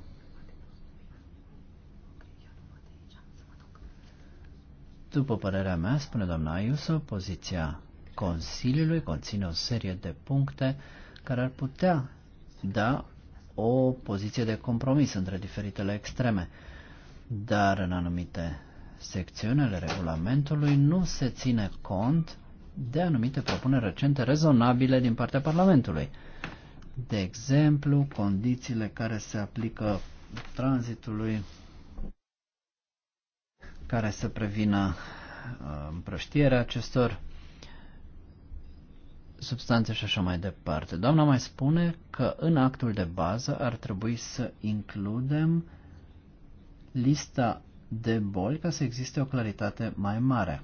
După părerea mea, spune doamna Iuso, poziția Consiliului conține o serie de puncte care ar putea da o poziție de compromis între diferitele extreme. Dar în anumite ale regulamentului nu se ține cont de anumite propuneri recente rezonabile din partea Parlamentului. De exemplu, condițiile care se aplică tranzitului care să prevină uh, împrăștierea acestor substanțe și așa mai departe. Doamna mai spune că în actul de bază ar trebui să includem lista de boli ca să existe o claritate mai mare.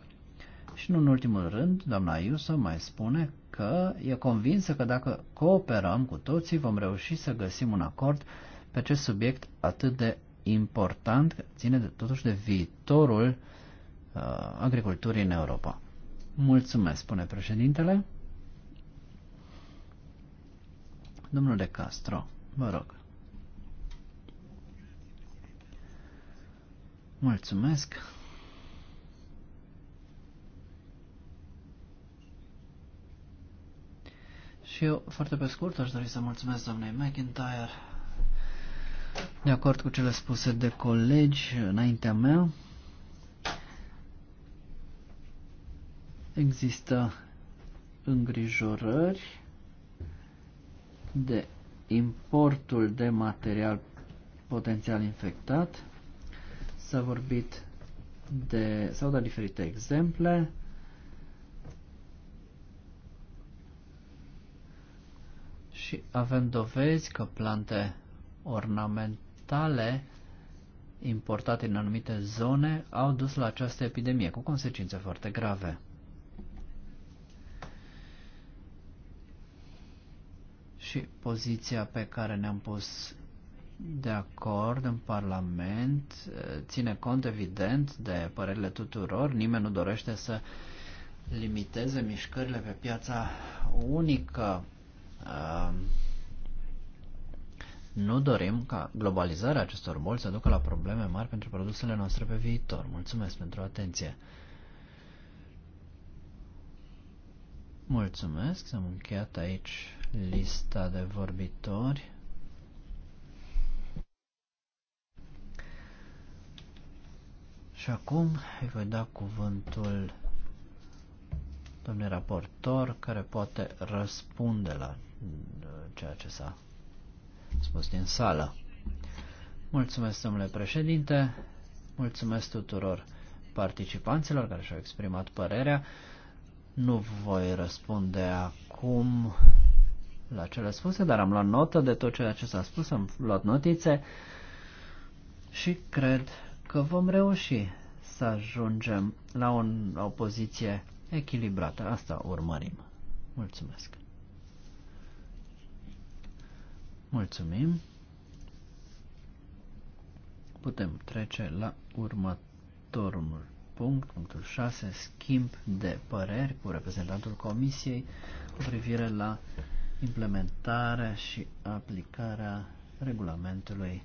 Și nu în ultimul rând, doamna Iuso mai spune că e convinsă că dacă cooperăm cu toții vom reuși să găsim un acord pe acest subiect atât de important, că ține de, totuși de viitorul uh, agriculturii în Europa. Mulțumesc, spune președintele. Domnule Castro, vă rog. Mulțumesc. Și eu, foarte pe scurt, aș dori să mulțumesc doamnei McIntyre. De acord cu cele spuse de colegi înaintea mea, există îngrijorări de importul de material potențial infectat. S-a vorbit de, s-au dat diferite exemple. Și avem dovezi că plante ornamentale importate în anumite zone au dus la această epidemie, cu consecințe foarte grave. și poziția pe care ne-am pus de acord în Parlament eh, ține cont evident de părerile tuturor. Nimeni nu dorește să limiteze mișcările pe piața unică. Ehm, nu dorim ca globalizarea acestor boli să ducă la probleme mari pentru produsele noastre pe viitor. Mulțumesc pentru atenție. Mulțumesc, am încheiat aici lista de vorbitori. Și acum îi voi da cuvântul domnului raportor care poate răspunde la uh, ceea ce s-a spus din sală. Mulțumesc, domnule președinte, mulțumesc tuturor participanților care și-au exprimat părerea. Nu voi răspunde acum la cele spuse, dar am luat notă de tot ceea ce s-a spus, am luat notițe și cred că vom reuși să ajungem la, un, la o poziție echilibrată. Asta urmărim. Mulțumesc. Mulțumim. Putem trece la următorul punct, punctul 6, schimb de păreri cu reprezentantul Comisiei cu privire la implementarea și aplicarea regulamentului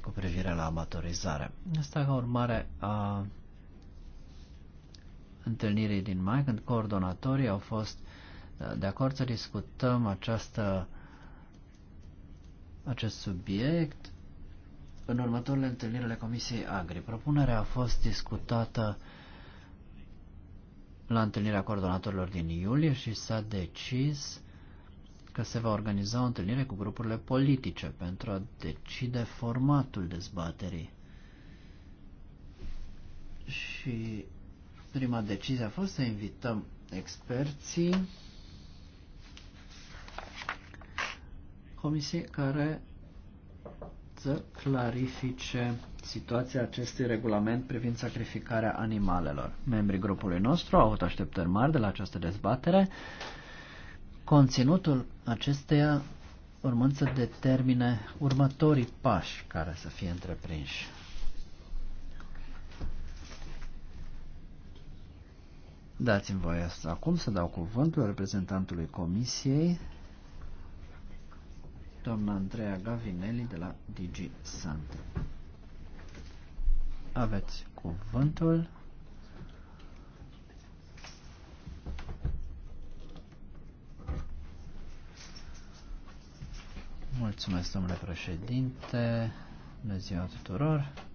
cu privire la amatorizare. Asta ca urmare a întâlnirii din mai, când coordonatorii au fost uh, de acord să discutăm această, acest subiect în următoarele întâlniri ale Comisiei Agri. Propunerea a fost discutată la întâlnirea coordonatorilor din iulie și s-a decis că se va organiza o întâlnire cu grupurile politice pentru a decide formatul dezbaterii. Și prima decizie a fost să invităm experții comisie care să clarifice situația acestui regulament privind sacrificarea animalelor. Membrii grupului nostru au avut așteptări mari de la această dezbatere, conținutul acesteia urmând să determine următorii pași care să fie întreprinși. Dați-mi voie acum să dau cuvântul reprezentantului Comisiei, doamna Andreea Gavinelli de la DG Sant. Aveți cuvântul. Mulțumesc, domnule președinte. Bună ziua tuturor.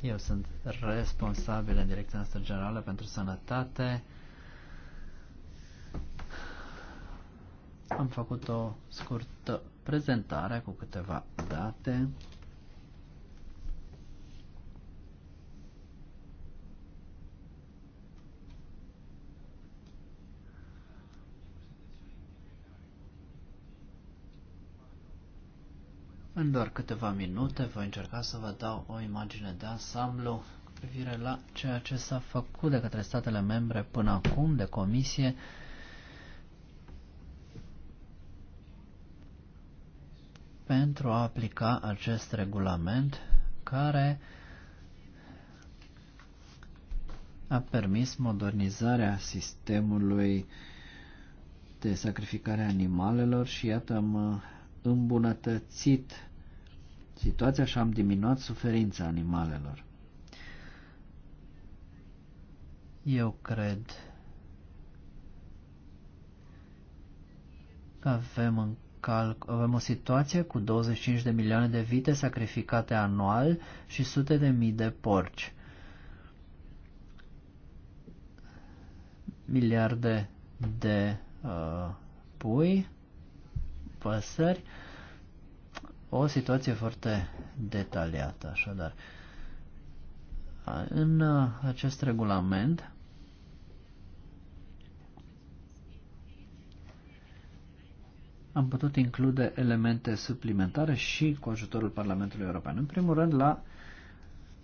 Eu sunt responsabil în direcția noastră generală pentru sănătate. Am făcut o scurtă prezentare cu câteva date. În doar câteva minute voi încerca să vă dau o imagine de ansamblu cu privire la ceea ce s-a făcut de către statele membre până acum de comisie pentru a aplica acest regulament care a permis modernizarea sistemului de sacrificare a animalelor și iată am îmbunătățit situația și am diminuat suferința animalelor. Eu cred că avem în calc, avem o situație cu 25 de milioane de vite sacrificate anual și sute de mii de porci. Miliarde de uh, pui, păsări, o situație foarte detaliată, așadar. În uh, acest regulament am putut include elemente suplimentare și cu ajutorul Parlamentului European. În primul rând, la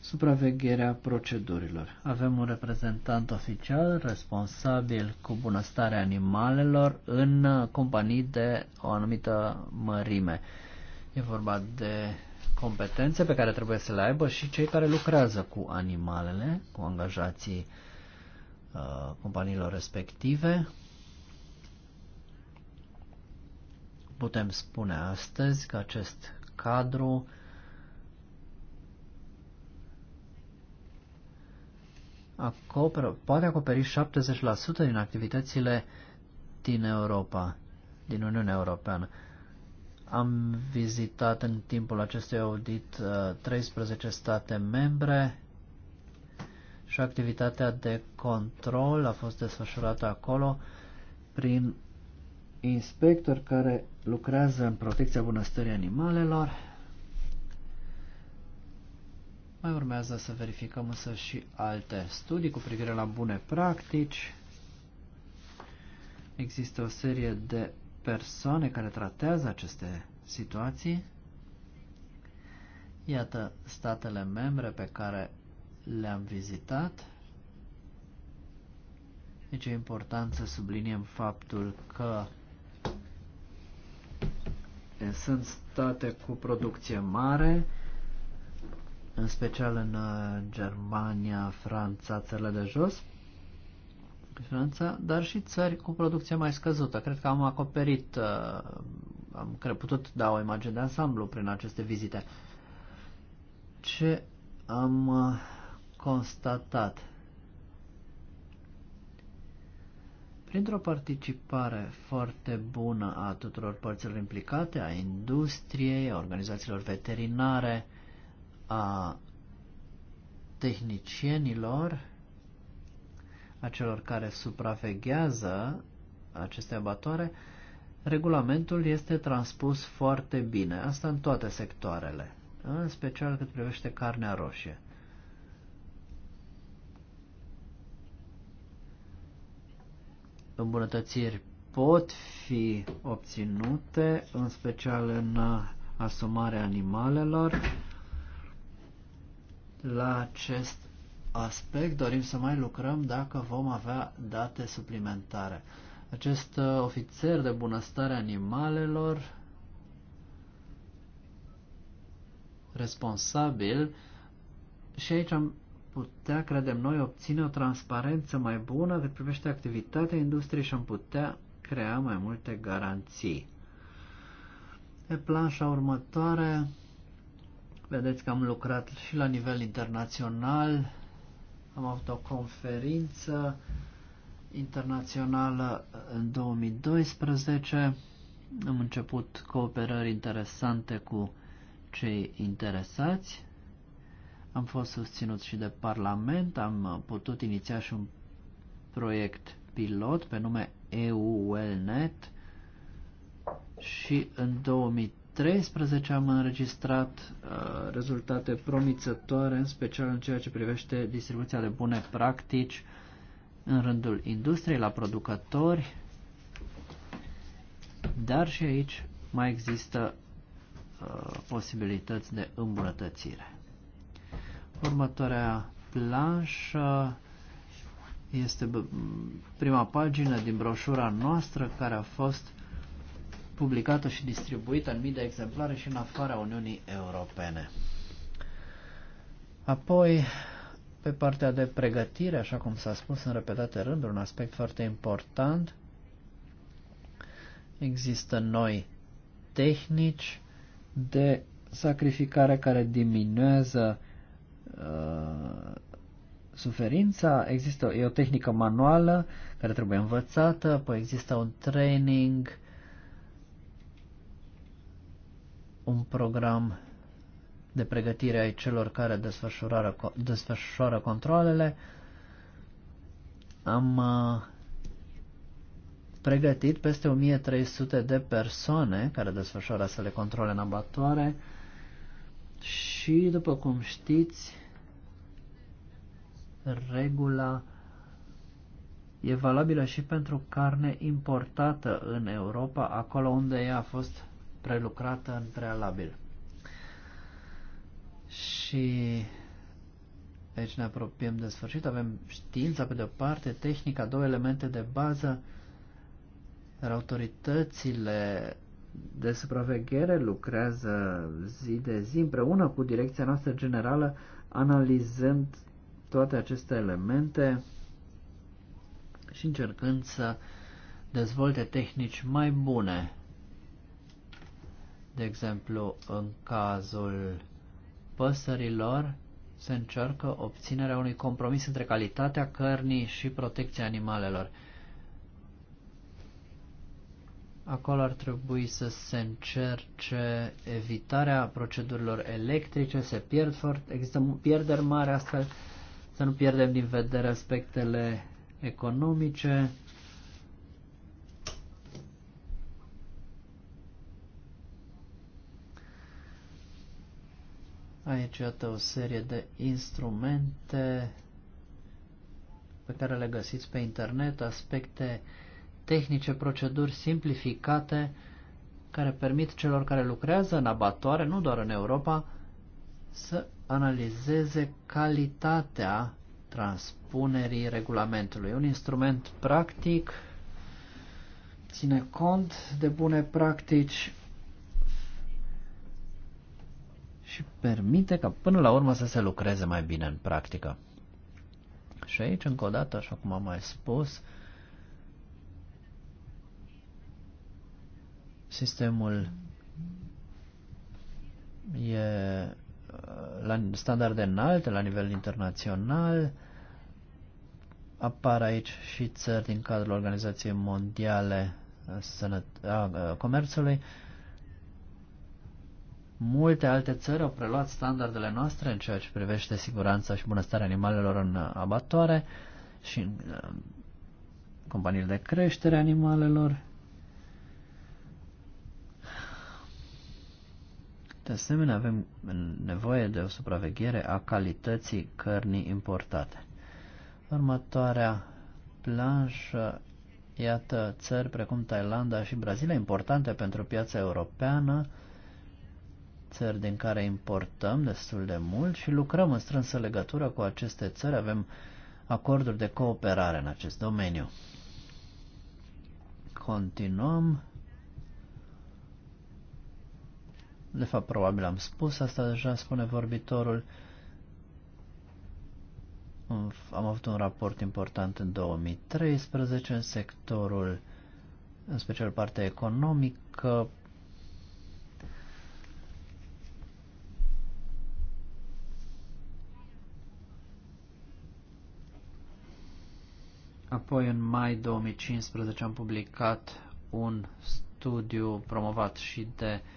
supravegherea procedurilor. Avem un reprezentant oficial responsabil cu bunăstarea animalelor în companii de o anumită mărime. E vorba de competențe pe care trebuie să le aibă și cei care lucrează cu animalele, cu angajații uh, companiilor respective, Putem spune astăzi că acest cadru acoperă, poate acoperi 70% din activitățile din Europa, din Uniunea Europeană. Am vizitat în timpul acestui audit 13 uh, state membre și activitatea de control a fost desfășurată acolo prin inspector care lucrează în protecția bunăstării animalelor. Mai urmează să verificăm însă și alte studii cu privire la bune practici. Există o serie de persoane care tratează aceste situații. Iată statele membre pe care le-am vizitat. Deci e important să subliniem faptul că deci sunt state cu producție mare, în special în uh, Germania, Franța, țările de jos, Franța, dar și țări cu producție mai scăzută. Cred că am acoperit, uh, am putut da o imagine de ansamblu prin aceste vizite. Ce am uh, constatat? printr-o participare foarte bună a tuturor părților implicate, a industriei, a organizațiilor veterinare, a tehnicienilor, a celor care supraveghează aceste abatoare, regulamentul este transpus foarte bine, asta în toate sectoarele, în special cât privește carnea roșie. îmbunătățiri pot fi obținute, în special în asumarea animalelor. La acest aspect dorim să mai lucrăm dacă vom avea date suplimentare. Acest uh, ofițer de bunăstare animalelor responsabil și aici am putea, credem noi, obține o transparență mai bună cât privește activitatea industriei și am putea crea mai multe garanții. Pe planșa următoare, vedeți că am lucrat și la nivel internațional, am avut o conferință internațională în 2012, am început cooperări interesante cu cei interesați am fost susținut și de Parlament, am putut iniția și un proiect pilot pe nume EULNet și în 2013 am înregistrat uh, rezultate promițătoare, în special în ceea ce privește distribuția de bune practici în rândul industriei, la producători, dar și aici mai există uh, posibilități de îmbunătățire. Următoarea planșă este prima pagină din broșura noastră care a fost publicată și distribuită în mii de exemplare și în afara Uniunii Europene. Apoi, pe partea de pregătire, așa cum s-a spus în repetate rânduri, un aspect foarte important, există noi tehnici de sacrificare care diminuează uh, suferința, există, e o tehnică manuală care trebuie învățată, apoi există un training, un program de pregătire ai celor care desfășoară, desfășoară controlele. Am uh, pregătit peste 1300 de persoane care desfășoară să le controle în abatoare. Uh, și, după cum știți, regula e valabilă și pentru carne importată în Europa, acolo unde ea a fost prelucrată în prealabil. Și aici ne apropiem de sfârșit, avem știința pe de-o parte, tehnica, două elemente de bază, dar autoritățile de supraveghere lucrează zi de zi împreună cu direcția noastră generală, analizând toate aceste elemente și încercând să dezvolte tehnici mai bune. De exemplu, în cazul păsărilor, se încearcă obținerea unui compromis între calitatea cărnii și protecția animalelor. Acolo ar trebui să se încerce evitarea procedurilor electrice, se pierd foarte, există pierderi mari astfel, să nu pierdem din vedere aspectele economice. Aici iată o serie de instrumente pe care le găsiți pe internet, aspecte tehnice, proceduri simplificate care permit celor care lucrează în abatoare, nu doar în Europa, să analizeze calitatea transpunerii regulamentului. Un instrument practic ține cont de bune practici și permite ca până la urmă să se lucreze mai bine în practică. Și aici, încă o dată, așa cum am mai spus, uh, Sistemul e la standarde înalte, la nivel internațional. Apar aici și țări din cadrul Organizației Mondiale a Comerțului. Multe alte țări au preluat standardele noastre în ceea ce privește siguranța și bunăstarea animalelor în abatoare și în companiile de creștere animalelor. De asemenea, avem nevoie de o supraveghere a calității cărnii importate. Următoarea planșă, iată țări precum Thailanda și Brazilia importante pentru piața europeană, țări din care importăm destul de mult și lucrăm în strânsă legătură cu aceste țări, avem acorduri de cooperare în acest domeniu. Continuăm De fapt, probabil am spus asta deja, spune vorbitorul. Am avut un raport important în 2013 în sectorul, în special partea economică. Apoi, în mai 2015, am publicat un studiu promovat și de uh,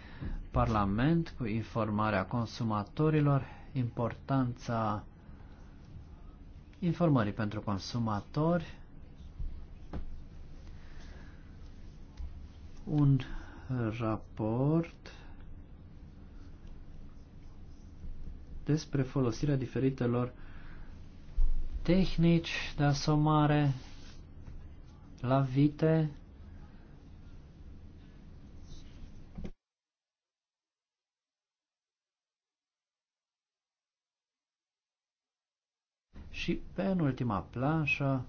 Parlament cu informarea consumatorilor, importanța informării pentru consumatori, un raport despre folosirea diferitelor tehnici de asomare la vite Și penultima planșă,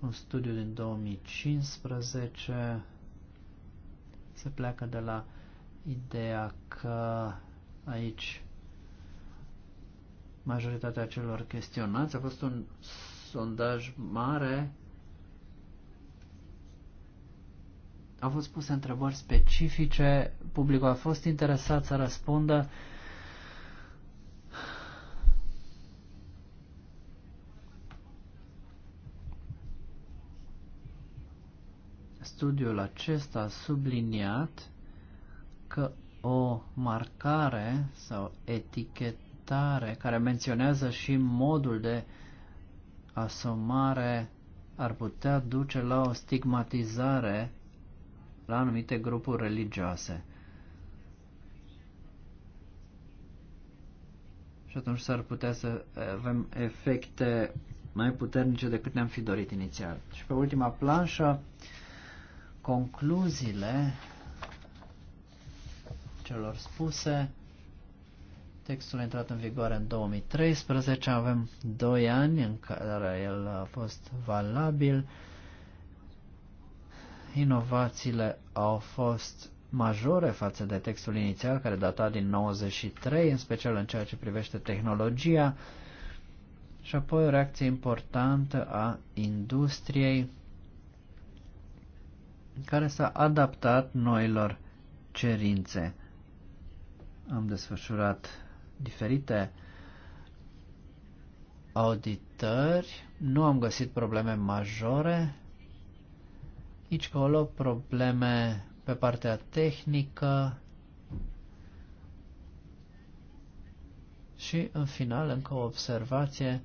un studiu din 2015 se pleacă de la ideea că aici majoritatea celor chestionați a fost un sondaj mare Au fost puse întrebări specifice, publicul a fost interesat să răspundă. Studiul acesta a subliniat că o marcare sau etichetare care menționează și modul de asomare ar putea duce la o stigmatizare la anumite grupuri religioase. Și atunci s-ar putea să avem efecte mai puternice decât ne-am fi dorit inițial. Și pe ultima planșă, concluziile celor spuse. Textul a intrat în vigoare în 2013, avem 2 ani în care el a fost valabil. Inovațiile au fost majore față de textul inițial, care data din 93, în special în ceea ce privește tehnologia, și apoi o reacție importantă a industriei care s-a adaptat noilor cerințe. Am desfășurat diferite auditări, nu am găsit probleme majore Aici colo probleme pe partea tehnică și în final încă o observație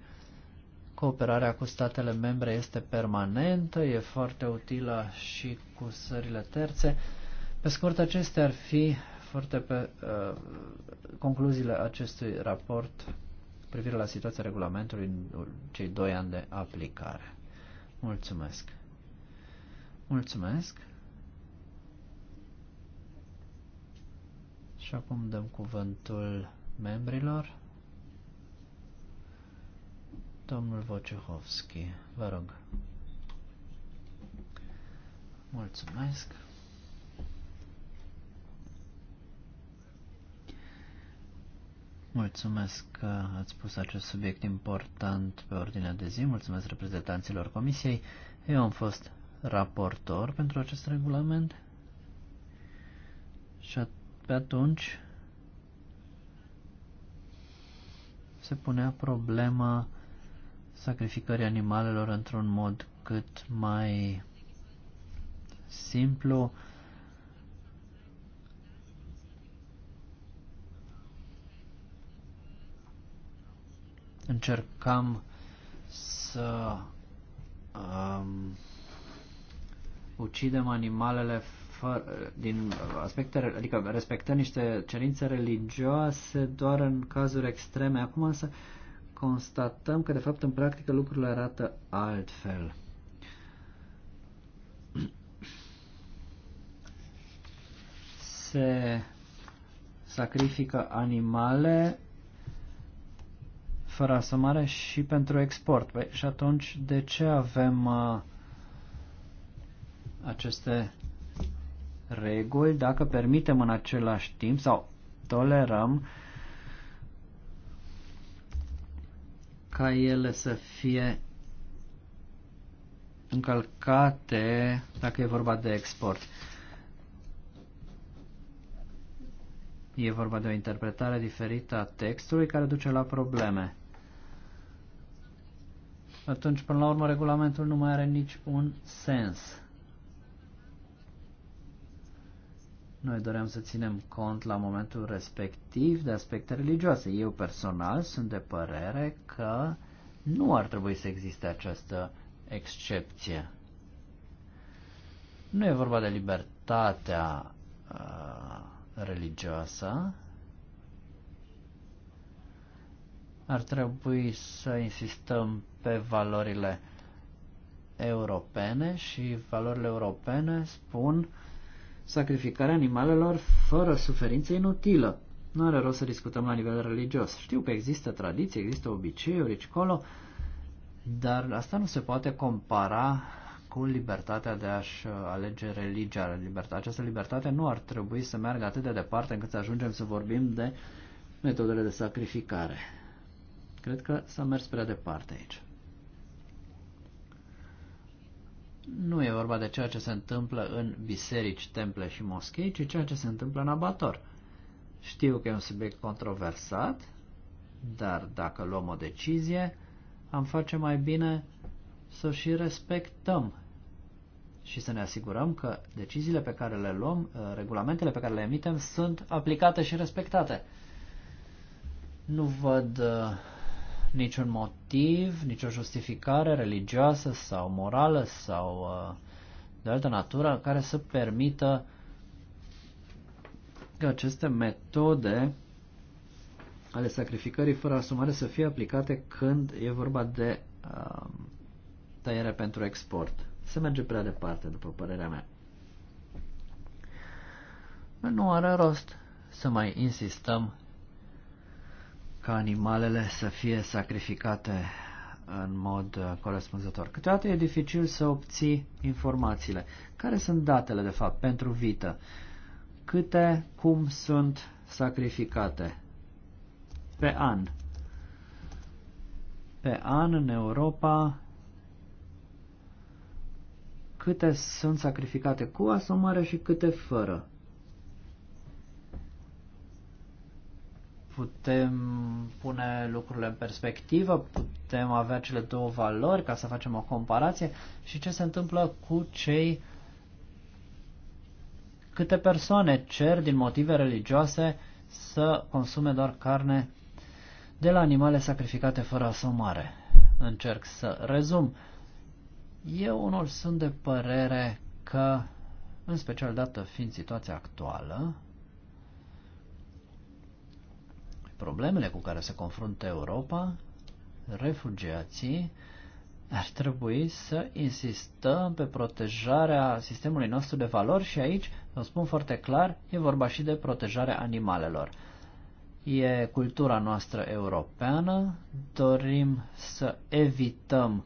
cooperarea cu statele membre este permanentă, e foarte utilă și cu sările terțe. Pe scurt, acestea ar fi foarte pe uh, concluziile acestui raport privire la situația regulamentului în cei doi ani de aplicare. Mulțumesc! Mulțumesc. Și acum dăm cuvântul membrilor. Domnul Wojciechowski, vă rog. Mulțumesc. Mulțumesc că ați pus acest subiect important pe ordinea de zi. Mulțumesc reprezentanților comisiei. Eu am fost raportor pentru acest regulament și pe atunci se punea problema sacrificării animalelor într-un mod cât mai simplu. Încercam să um, ucidem animalele fără, din aspecte, adică respectăm niște cerințe religioase doar în cazuri extreme. Acum însă constatăm că de fapt în practică lucrurile arată altfel. Se sacrifică animale fără asomare și pentru export. Păi, și atunci de ce avem uh, aceste reguli dacă permitem în același timp sau tolerăm ca ele să fie încălcate dacă e vorba de export. E vorba de o interpretare diferită a textului care duce la probleme. Atunci, până la urmă, regulamentul nu mai are nici un sens. Noi doream să ținem cont la momentul respectiv de aspecte religioase. Eu personal sunt de părere că nu ar trebui să existe această excepție. Nu e vorba de libertatea uh, religioasă. Ar trebui să insistăm pe valorile europene și valorile europene spun uh, sacrificarea animalelor fără suferință inutilă. Nu are rost să discutăm la nivel religios. Știu că există tradiții, există obiceiuri aici colo, dar asta nu se poate compara cu libertatea de a-și uh, alege religia. Această libertate nu ar trebui să meargă atât de departe încât să ajungem să vorbim de metodele de sacrificare. Cred că s-a mers prea departe aici. Nu e vorba de ceea ce se întâmplă în biserici, temple și moschei, ci ceea ce se întâmplă în abator. Știu că e un subiect controversat, dar dacă luăm o decizie, am face mai bine să o și respectăm și să ne asigurăm că deciziile pe care le luăm, uh, regulamentele pe care le emitem, sunt aplicate și respectate. Nu văd uh, niciun motiv, nicio justificare religioasă sau morală sau uh, de altă natură care să permită că aceste metode ale sacrificării fără asumare să fie aplicate când e vorba de um, tăiere pentru export. Se merge prea departe, după părerea mea. Nu are rost să mai insistăm ca animalele să fie sacrificate în mod uh, corespunzător. Câteodată e dificil să obții informațiile. Care sunt datele, de fapt, pentru vită? Câte, cum sunt sacrificate? Pe an. Pe an în Europa câte sunt sacrificate cu asomare și câte fără. putem pune lucrurile în perspectivă, putem avea cele două valori ca să facem o comparație și ce se întâmplă cu cei câte persoane cer din motive religioase să consume doar carne de la animale sacrificate fără asomare. Încerc să rezum. Eu unul sunt de părere că, în special dată fiind situația actuală, problemele cu care se confruntă Europa, refugiații, ar trebui să insistăm pe protejarea sistemului nostru de valori și aici, vă spun foarte clar, e vorba și de protejarea animalelor. E cultura noastră europeană, dorim să evităm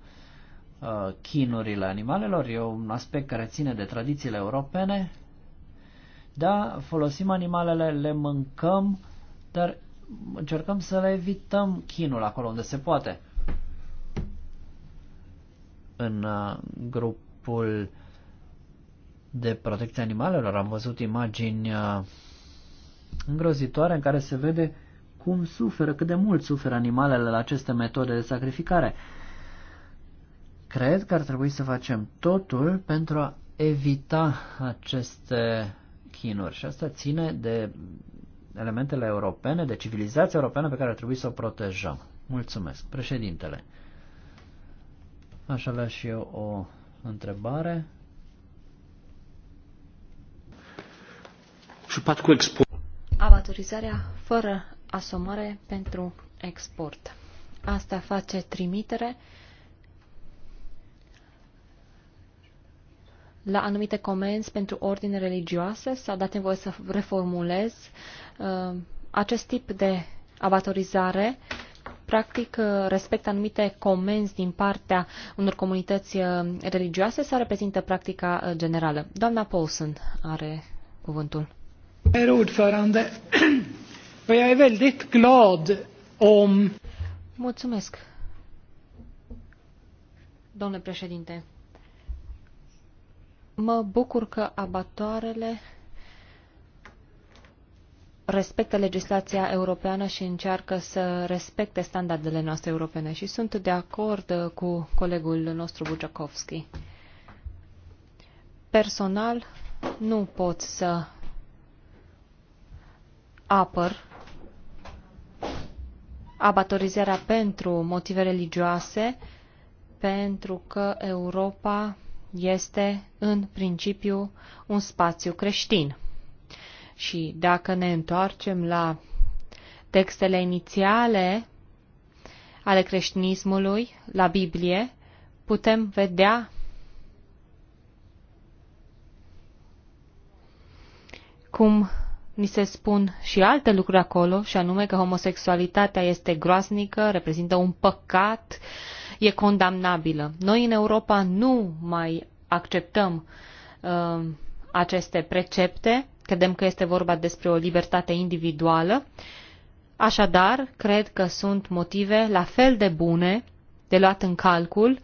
uh, chinurile animalelor, e un aspect care ține de tradițiile europene. Da, folosim animalele, le mâncăm, dar încercăm să le evităm chinul acolo unde se poate. În uh, grupul de protecție animalelor am văzut imagini uh, îngrozitoare în care se vede cum suferă, cât de mult suferă animalele la aceste metode de sacrificare. Cred că ar trebui să facem totul pentru a evita aceste chinuri și asta ține de elementele europene, de civilizația europeană pe care ar trebui să o protejăm. Mulțumesc. Președintele, aș avea și eu o întrebare. Abatorizarea fără asomare pentru export. Asta face trimitere la anumite comenzi pentru ordine religioase sau dat voie să reformulez uh, acest tip de abatorizare practic uh, respectă anumite comenzi din partea unor comunități uh, religioase sau reprezintă practica generală? Doamna Paulson are cuvântul. ordförande, <clears throat> jag är väldigt glad om... Mulțumesc, domnule președinte. Mă bucur că abatoarele respectă legislația europeană și încearcă să respecte standardele noastre europene și sunt de acord uh, cu colegul nostru Buciakovski. Personal, nu pot să apăr abatorizarea pentru motive religioase, pentru că Europa este, în principiu, un spațiu creștin. Și dacă ne întoarcem la textele inițiale ale creștinismului, la Biblie, putem vedea cum ni se spun și alte lucruri acolo, și anume că homosexualitatea este groaznică, reprezintă un păcat, uh, e condamnabilă. Noi în Europa nu mai acceptăm uh, aceste precepte, credem că este vorba despre o libertate individuală, așadar cred că sunt motive la fel de bune de luat în calcul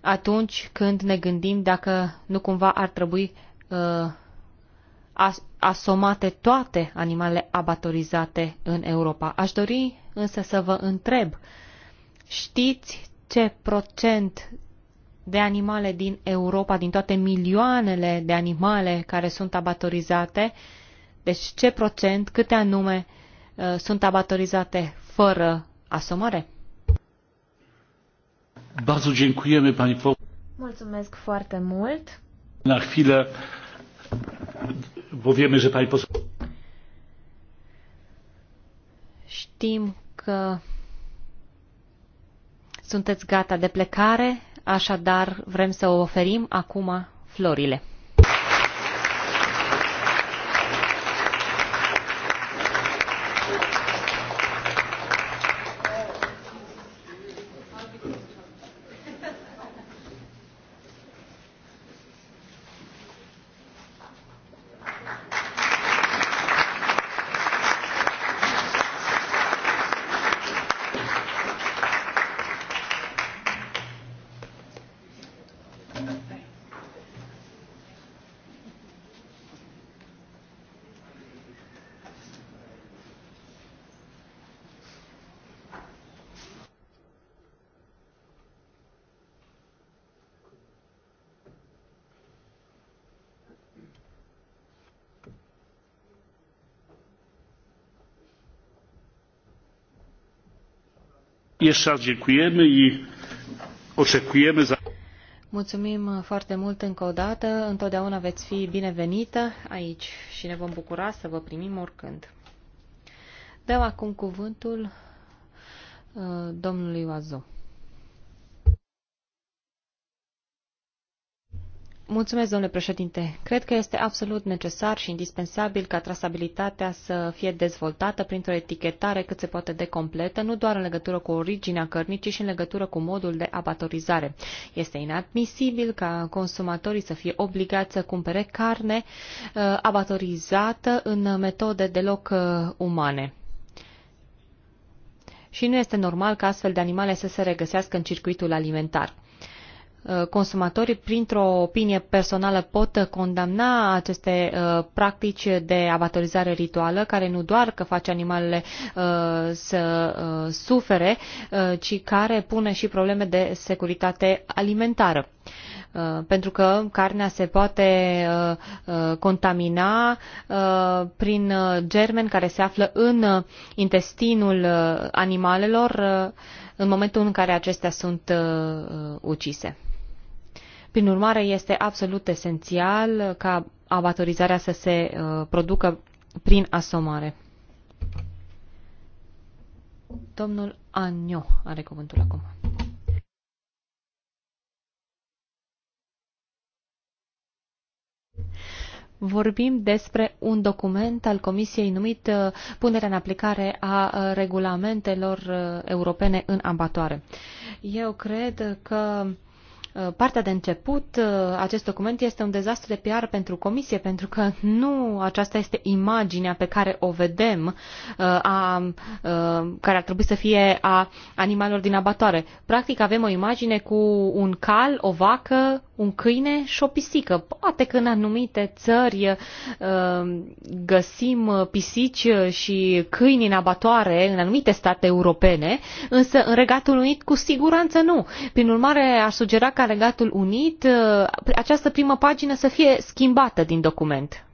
atunci când ne gândim dacă nu cumva ar trebui uh, as asomate toate animalele abatorizate în Europa. Aș dori însă să vă întreb uh, Știți ce procent de animale din Europa, din toate milioanele de animale care sunt abatorizate, deci ce procent, câte anume uh, sunt abatorizate fără asomare? Bardzo dziękujemy pani Mulțumesc foarte mult. Na chwilę, bo wiemy, że pani poseł... Știm că sunteți gata de plecare, așadar vrem să oferim acum florile. Jeszcze raz dziękujemy i oczekujemy za... Mulțumim foarte mult încă o dată. Întotdeauna veți fi binevenită aici și ne vom bucura să vă primim oricând. Dăm acum cuvântul uh, domnului Oazou. Mulțumesc, domnule președinte. Cred că este absolut necesar și indispensabil ca trasabilitatea să fie dezvoltată printr-o etichetare cât se poate de completă, nu doar în legătură cu originea cărnii, ci și în legătură cu modul de abatorizare. Este inadmisibil ca consumatorii să fie obligați să cumpere carne uh, abatorizată în metode deloc uh, umane și nu este normal ca astfel de animale să se regăsească în circuitul alimentar. Uh, consumatorii, printr-o opinie personală, pot condamna aceste uh, practici de abatorizare rituală, care nu doar că face animalele uh, să sufere, ci care pune și probleme de securitate alimentară pentru că carnea se poate contamina prin germeni care se află în intestinul animalelor în momentul în care acestea sunt ucise. Prin urmare, este absolut esențial ca abatorizarea să se uh, producă prin asomare. Domnul Anio are cuvântul acum. Vorbim despre un document al Comisiei numit uh, Punerea în aplicare a uh, regulamentelor europene în abatoare. Eu cred că Uh, partea de început, uh, acest document este un dezastru de PR pentru comisie, pentru că <laughs> nu aceasta este imaginea pe care o vedem, uh, a, a, care ar trebui să fie a animalelor din abatoare. Practic avem o imagine cu un cal, o vacă, un câine și o pisică. Poate că în anumite țări găsim pisici și câini în abatoare în anumite state europene, însă în Regatul Unit cu siguranță nu. Prin urmare, aș sugera ca Regatul Unit uh, această primă pagină să fie schimbată din document.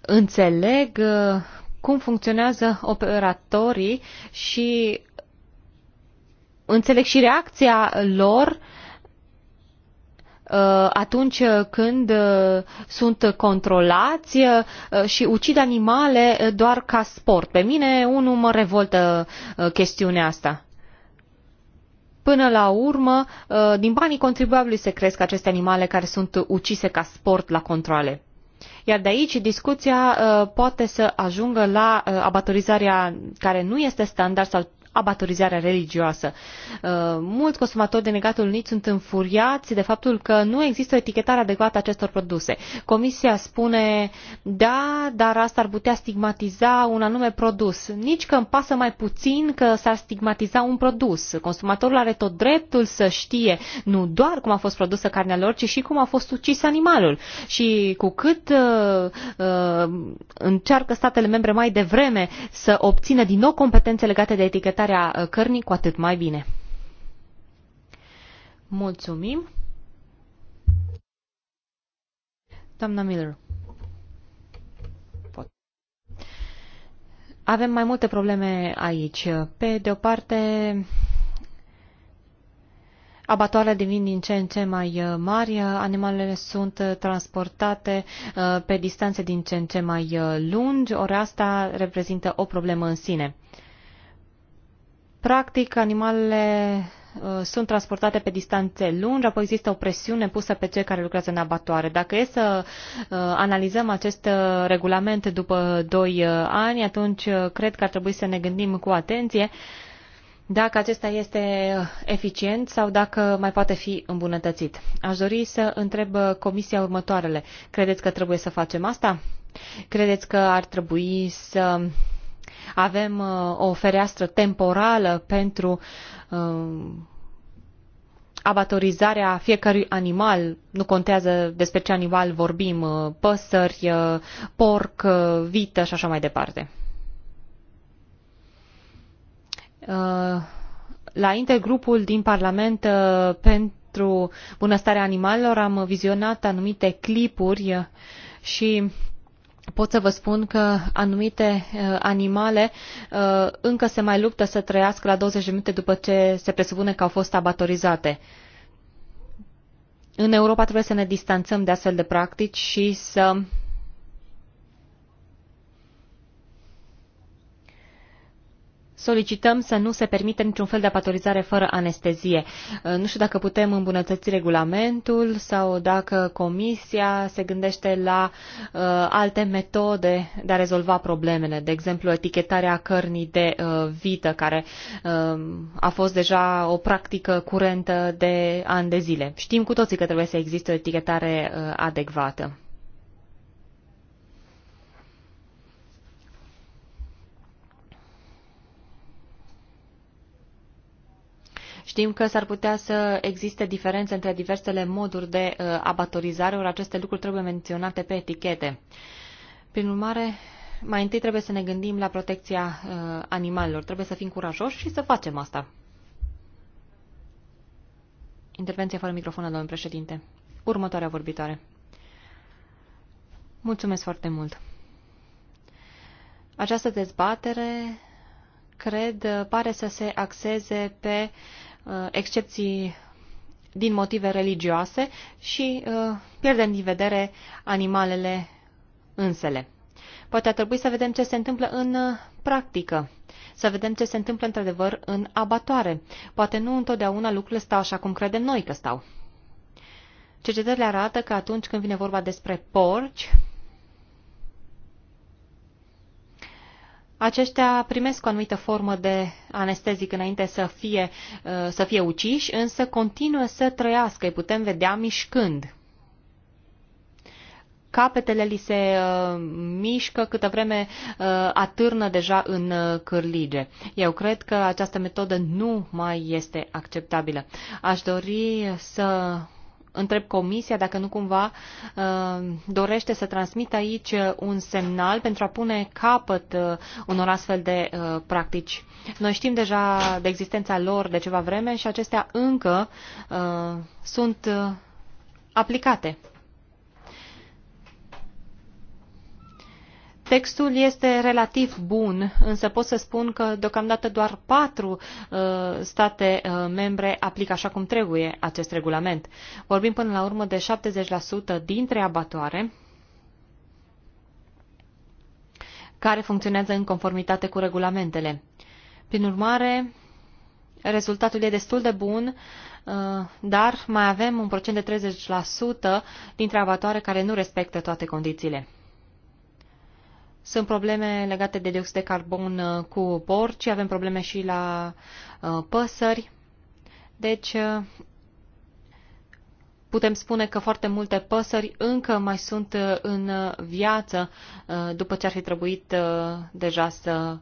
Înțeleg uh, cum funcționează operatorii și înțeleg și reacția lor uh, atunci când sunt controlați și ucid animale doar ca sport. Pe mine unul mă revoltă chestiunea asta. Până la urmă, uh, din banii contribuabilului se cresc aceste animale care sunt ucise ca sport la controle. Iar de aici discuția uh, poate să ajungă la uh, abatorizarea care nu este standard sau abatorizarea religioasă. Uh, mulți consumatori de Negatul Unit sunt înfuriați de faptul că nu există o etichetare adecvată acestor produse. Comisia spune, da, dar asta ar putea stigmatiza un anume produs. Nici că îmi pasă mai puțin că s-ar stigmatiza un produs. Consumatorul are tot dreptul să știe nu doar cum a fost produsă carnea lor, ci și cum a fost ucis animalul. Și cu cât uh, uh, încearcă statele membre mai devreme să obțină din nou competențe legate de etichetare vânzarea uh, cărnii, cu atât mai bine. Mulțumim. Doamna Miller. Pot. Avem mai multe probleme aici. Pe de o parte, abatoarele devin din ce în ce mai uh, mari, uh, animalele sunt transportate pe distanțe din ce în ce mai lungi, ori asta reprezintă o problemă în sine. Practic, animalele uh, sunt transportate pe distanțe lungi, apoi există o presiune pusă pe cei care lucrează în abatoare. Dacă e să uh, analizăm acest uh, regulament după 2 ani, atunci cred că ar trebui să ne gândim cu atenție dacă acesta este eficient sau dacă mai poate fi îmbunătățit. Aș dori să întreb Comisia următoarele. Credeți că trebuie să facem asta? Credeți că ar trebui să avem uh, o fereastră temporală pentru uh, abatorizarea fiecărui animal, nu contează despre ce animal vorbim, uh, păsări, porc, vită și așa mai departe. La intergrupul din Parlament pentru bunăstarea animalelor am vizionat anumite clipuri și pot să vă spun că anumite uh, animale uh, încă se mai luptă să trăiască la 20 de minute după ce se presupune că au fost abatorizate. În Europa trebuie să ne distanțăm de astfel de practici și să solicităm să nu se permite niciun fel de apatorizare fără anestezie. Uh, nu știu dacă putem îmbunătăți regulamentul sau dacă comisia se gândește la uh, alte metode de a rezolva problemele, de exemplu etichetarea cărnii de uh, vită, care uh, a fost deja o practică curentă de ani de zile. Știm cu toții că trebuie să existe o etichetare uh, adecvată. Știm că s-ar putea să existe diferențe între diversele moduri de uh, abatorizare, ori aceste lucruri trebuie menționate pe etichete. Prin urmare, mai întâi trebuie să ne gândim la protecția uh, animalelor. Trebuie să fim curajoși și să facem asta. Intervenție fără microfon, domnul președinte. Următoarea vorbitoare. Mulțumesc foarte mult. Această dezbatere, cred, pare să se axeze pe uh, Uh, excepții din motive religioase și uh, pierdem din vedere animalele însele. Poate ar trebui să vedem ce se întâmplă în uh, practică, să vedem ce se întâmplă într-adevăr în abatoare. Poate nu întotdeauna lucrurile stau așa cum credem noi că stau. Cercetările arată că atunci când vine vorba despre porci, aceștia primesc o anumită formă de anestezic înainte să fie, uh, să fie uciși, însă continuă să trăiască, îi putem vedea mișcând. Capetele li se uh, mișcă câtă vreme uh, atârnă deja în cârlige. Eu cred că această metodă nu mai este acceptabilă. Aș dori să întreb Comisia dacă nu cumva uh, dorește să transmită aici uh, un semnal pentru a pune capăt uh, unor astfel de practici. Noi știm deja de existența lor de ceva vreme și acestea încă sunt aplicate. Textul este relativ bun, însă pot să spun că deocamdată doar patru uh, state uh, membre aplică așa cum trebuie acest regulament. Vorbim până la urmă de 70% dintre abatoare care funcționează în conformitate cu regulamentele. Prin urmare, rezultatul e destul de bun, uh, dar mai avem un procent de 30% dintre abatoare care nu respectă toate condițiile. Sunt probleme legate de dioxid de carbon uh, cu porci, avem probleme și la uh, păsări. Deci, uh, putem spune că foarte multe păsări încă mai sunt în viață după ce ar fi trebuit deja să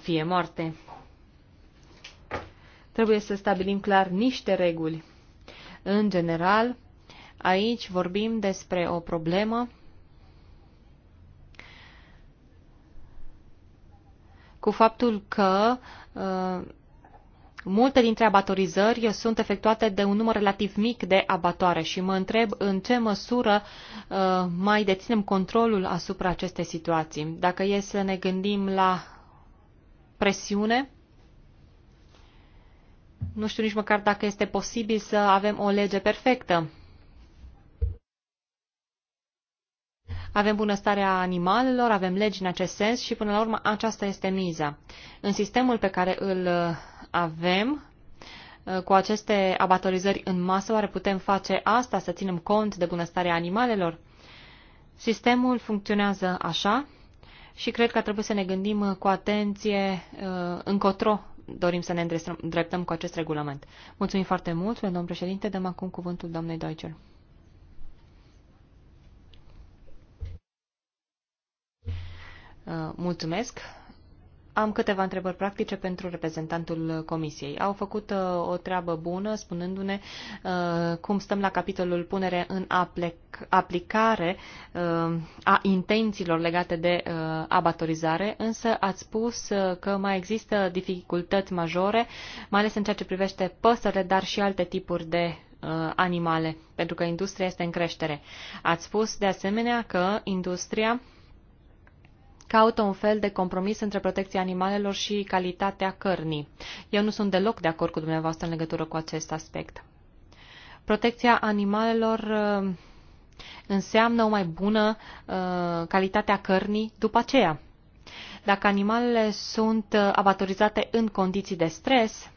fie moarte. Trebuie să stabilim clar niște reguli. În general, aici vorbim despre o problemă cu faptul că uh, multe dintre abatorizări sunt efectuate de un număr relativ mic de abatoare și mă întreb în ce măsură uh, mai deținem controlul asupra acestei situații. Dacă e să ne gândim la presiune, nu știu nici măcar dacă este posibil să avem o lege perfectă Avem bunăstarea animalelor, avem legi în acest sens și până la urmă aceasta este miza. În sistemul pe care îl uh, avem, uh, cu aceste abatorizări în masă, oare putem face asta, să ținem cont de bunăstarea animalelor? Sistemul funcționează așa și cred că trebuie să ne gândim uh, cu atenție încotro dorim să ne îndreptăm cu acest regulament. Mulțumim foarte mult, domnul președinte, dăm acum cuvântul doamnei Deutscher. Uh, mulțumesc. Am câteva întrebări practice pentru reprezentantul Comisiei. Au făcut uh, o treabă bună spunându-ne uh, cum stăm la capitolul punere în aplec- aplicare uh, a intențiilor legate de uh, abatorizare, însă ați spus uh, că mai există dificultăți majore, mai ales în ceea ce privește păsările, dar și alte tipuri de uh, animale, pentru că industria este în creștere. Ați spus de asemenea că industria uh, caută un fel de compromis între protecția animalelor și calitatea cărnii. Eu nu sunt deloc de acord cu dumneavoastră în legătură cu acest aspect. Protecția animalelor uh, înseamnă o mai bună uh, calitate a cărnii după aceea. Dacă animalele sunt uh, abatorizate în condiții de stres,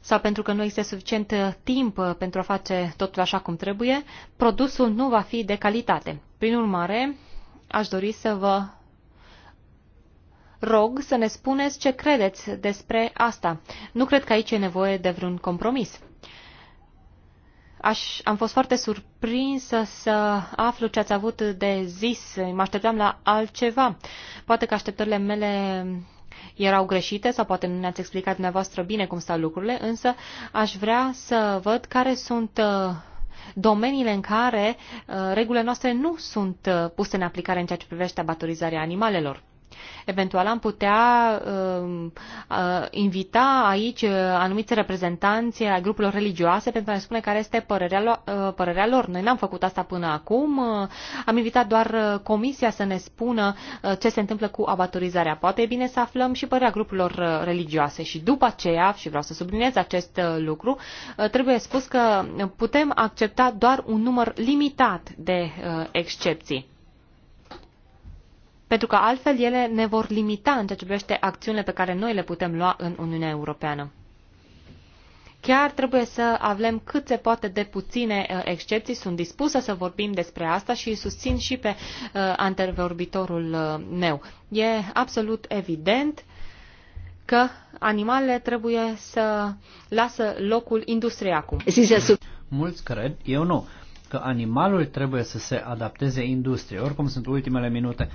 sau pentru că nu există suficient timp pentru a face totul așa cum trebuie, produsul nu va fi de calitate. Prin urmare, aș dori să vă rog să ne spuneți ce credeți despre asta. Nu cred că aici e nevoie de vreun compromis. Aș, am fost foarte surprinsă să aflu ce ați avut de zis. Mă așteptam la altceva. Poate că așteptările mele erau greșite sau poate nu ne-ați explicat dumneavoastră bine cum stau lucrurile, însă aș vrea să văd care sunt uh, domeniile în care uh, regulile noastre nu sunt uh, puse în aplicare în ceea ce privește abatorizarea animalelor. Eventual am putea uh, uh, invita aici uh, anumiți reprezentanți ai grupurilor religioase pentru a ne spune care este părerea, lo- uh, părerea lor. Noi n-am făcut asta până acum. Uh, am invitat doar uh, comisia să ne spună uh, ce se întâmplă cu abatorizarea. Poate e bine să aflăm și părerea grupurilor uh, religioase și după aceea, și vreau să subliniez acest uh, lucru, uh, trebuie spus că putem accepta doar un număr limitat de uh, excepții pentru că altfel ele ne vor limita în ceea ce privește acțiunile pe care noi le putem lua în Uniunea Europeană. Chiar trebuie să avem cât se poate de puține uh, excepții. Sunt dispusă să vorbim despre asta și susțin și pe uh, antervorbitorul uh, meu. E absolut evident că animalele trebuie să lasă locul industriei acum. Mulți cred, eu nu, că animalul trebuie să se adapteze industriei. Oricum sunt ultimele minute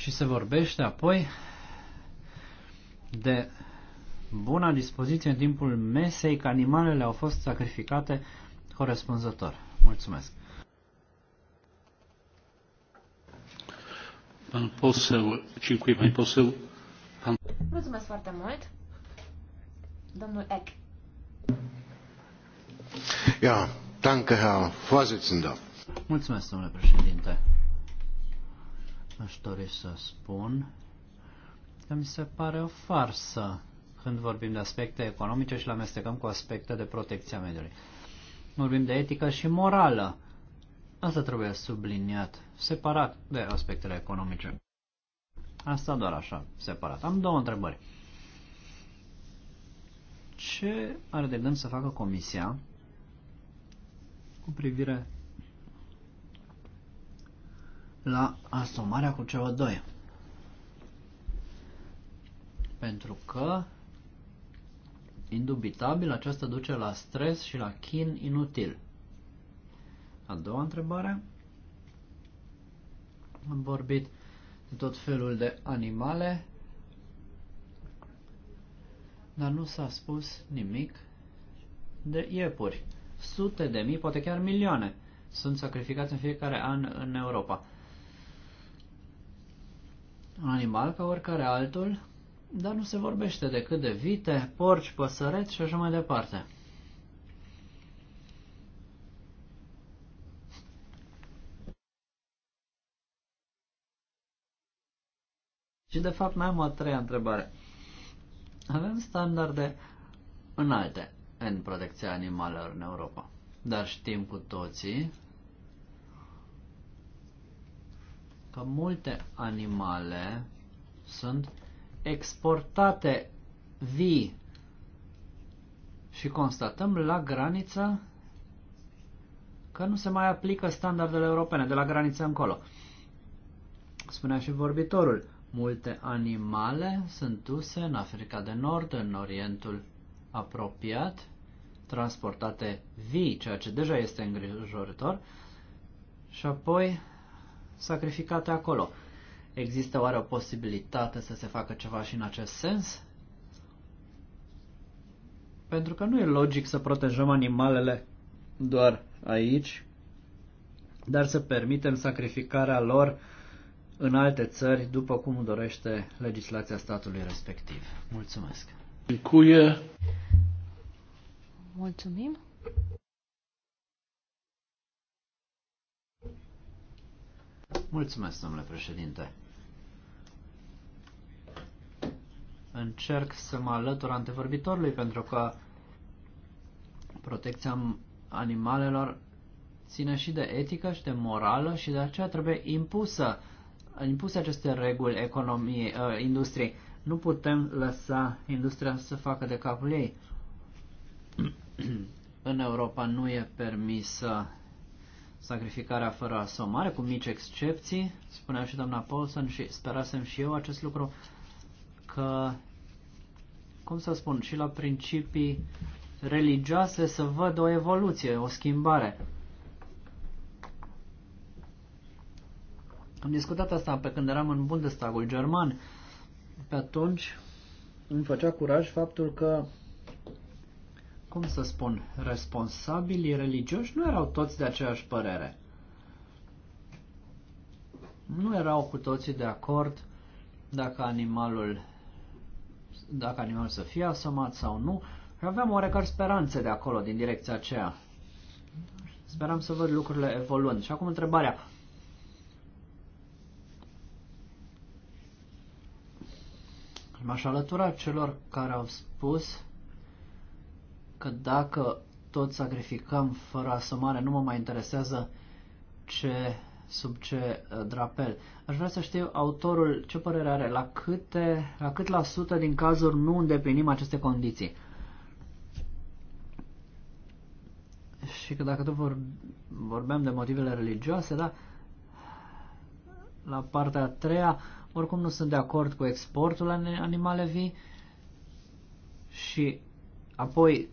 și se vorbește apoi de buna dispoziție în timpul mesei că animalele au fost sacrificate corespunzător. Mulțumesc. Pan poseł, dziękuję pan poseł. Pan... Mulțumesc foarte mult. Domnul Eck. Ja, danke Herr Vorsitzender. Mulțumesc, domnule președinte aș dori să spun că mi se pare o farsă când vorbim de aspecte economice și le amestecăm cu aspecte de protecția mediului. Vorbim de etică și morală. Asta trebuie subliniat, separat de aspectele economice. Asta doar așa, separat. Am două întrebări. Ce are de gând să facă Comisia cu privire la asomarea cu CO2. Pentru că, indubitabil, aceasta duce la stres și la chin inutil. A doua întrebare. Am vorbit de tot felul de animale, dar nu s-a spus nimic de iepuri. Sute de mii, poate chiar milioane, sunt sacrificați în fiecare an în Europa un animal ca oricare altul, dar nu se vorbește decât de vite, porci, păsăreți și așa mai departe. Și de fapt mai am o treia întrebare. Avem standarde înalte în protecția animalelor în Europa. Dar știm cu toții că multe animale sunt exportate vii și constatăm la graniță că nu se mai aplică standardele europene de la graniță încolo. Spunea și vorbitorul, multe animale sunt duse în Africa de Nord, în Orientul apropiat, transportate vii, ceea ce deja este îngrijorător, și apoi sacrificate acolo. Există oare o posibilitate să se facă ceva și în acest sens? Pentru că nu e logic să protejăm animalele doar aici, dar să permitem sacrificarea lor în alte țări, după cum dorește legislația statului respectiv. Mulțumesc! Cuie. Mulțumim! Mulțumesc, domnule președinte. Încerc să mă alătur antevorbitorului pentru că protecția animalelor ține și de etică și de morală și de aceea trebuie impusă, impuse aceste reguli economiei, uh, industriei. Nu putem lăsa industria să facă de capul ei. <clears throat> În Europa nu e permisă sacrificarea fără asomare, cu mici excepții, spunea și doamna Paulson și sperasem și eu acest lucru, că, cum să spun, și la principii religioase să văd o evoluție, o schimbare. Am discutat asta pe când eram în Bundestagul german. Pe atunci îmi făcea curaj faptul că cum să spun, responsabilii religioși nu erau toți de aceeași părere. Nu erau cu toții de acord dacă animalul, dacă animalul să fie asomat sau nu. Aveam oarecare speranțe de acolo, din direcția aceea. Speram să văd lucrurile evoluând. Și acum întrebarea. M-aș alătura celor care au spus că dacă tot sacrificăm fără asumare, nu mă mai interesează ce, sub ce uh, drapel. Aș vrea să știu autorul ce părere are, la, câte, la cât la sută din cazuri nu îndeplinim aceste condiții. Și că dacă tot vor, vorbeam de motivele religioase, da, la partea a treia, oricum nu sunt de acord cu exportul animale vii și apoi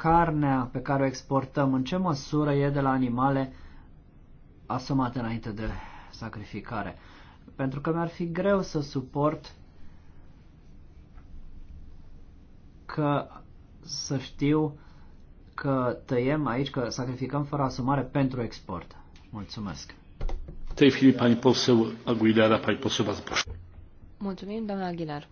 carnea pe care o exportăm, în ce măsură e de la animale asumate înainte de sacrificare? Pentru că mi-ar fi greu să suport că să știu că tăiem aici, că sacrificăm fără asumare pentru export. Mulțumesc. Tej chwili pani poseł Aguilera, pani poseł bardzo proszę. Mulțumim, doamna Aguilar.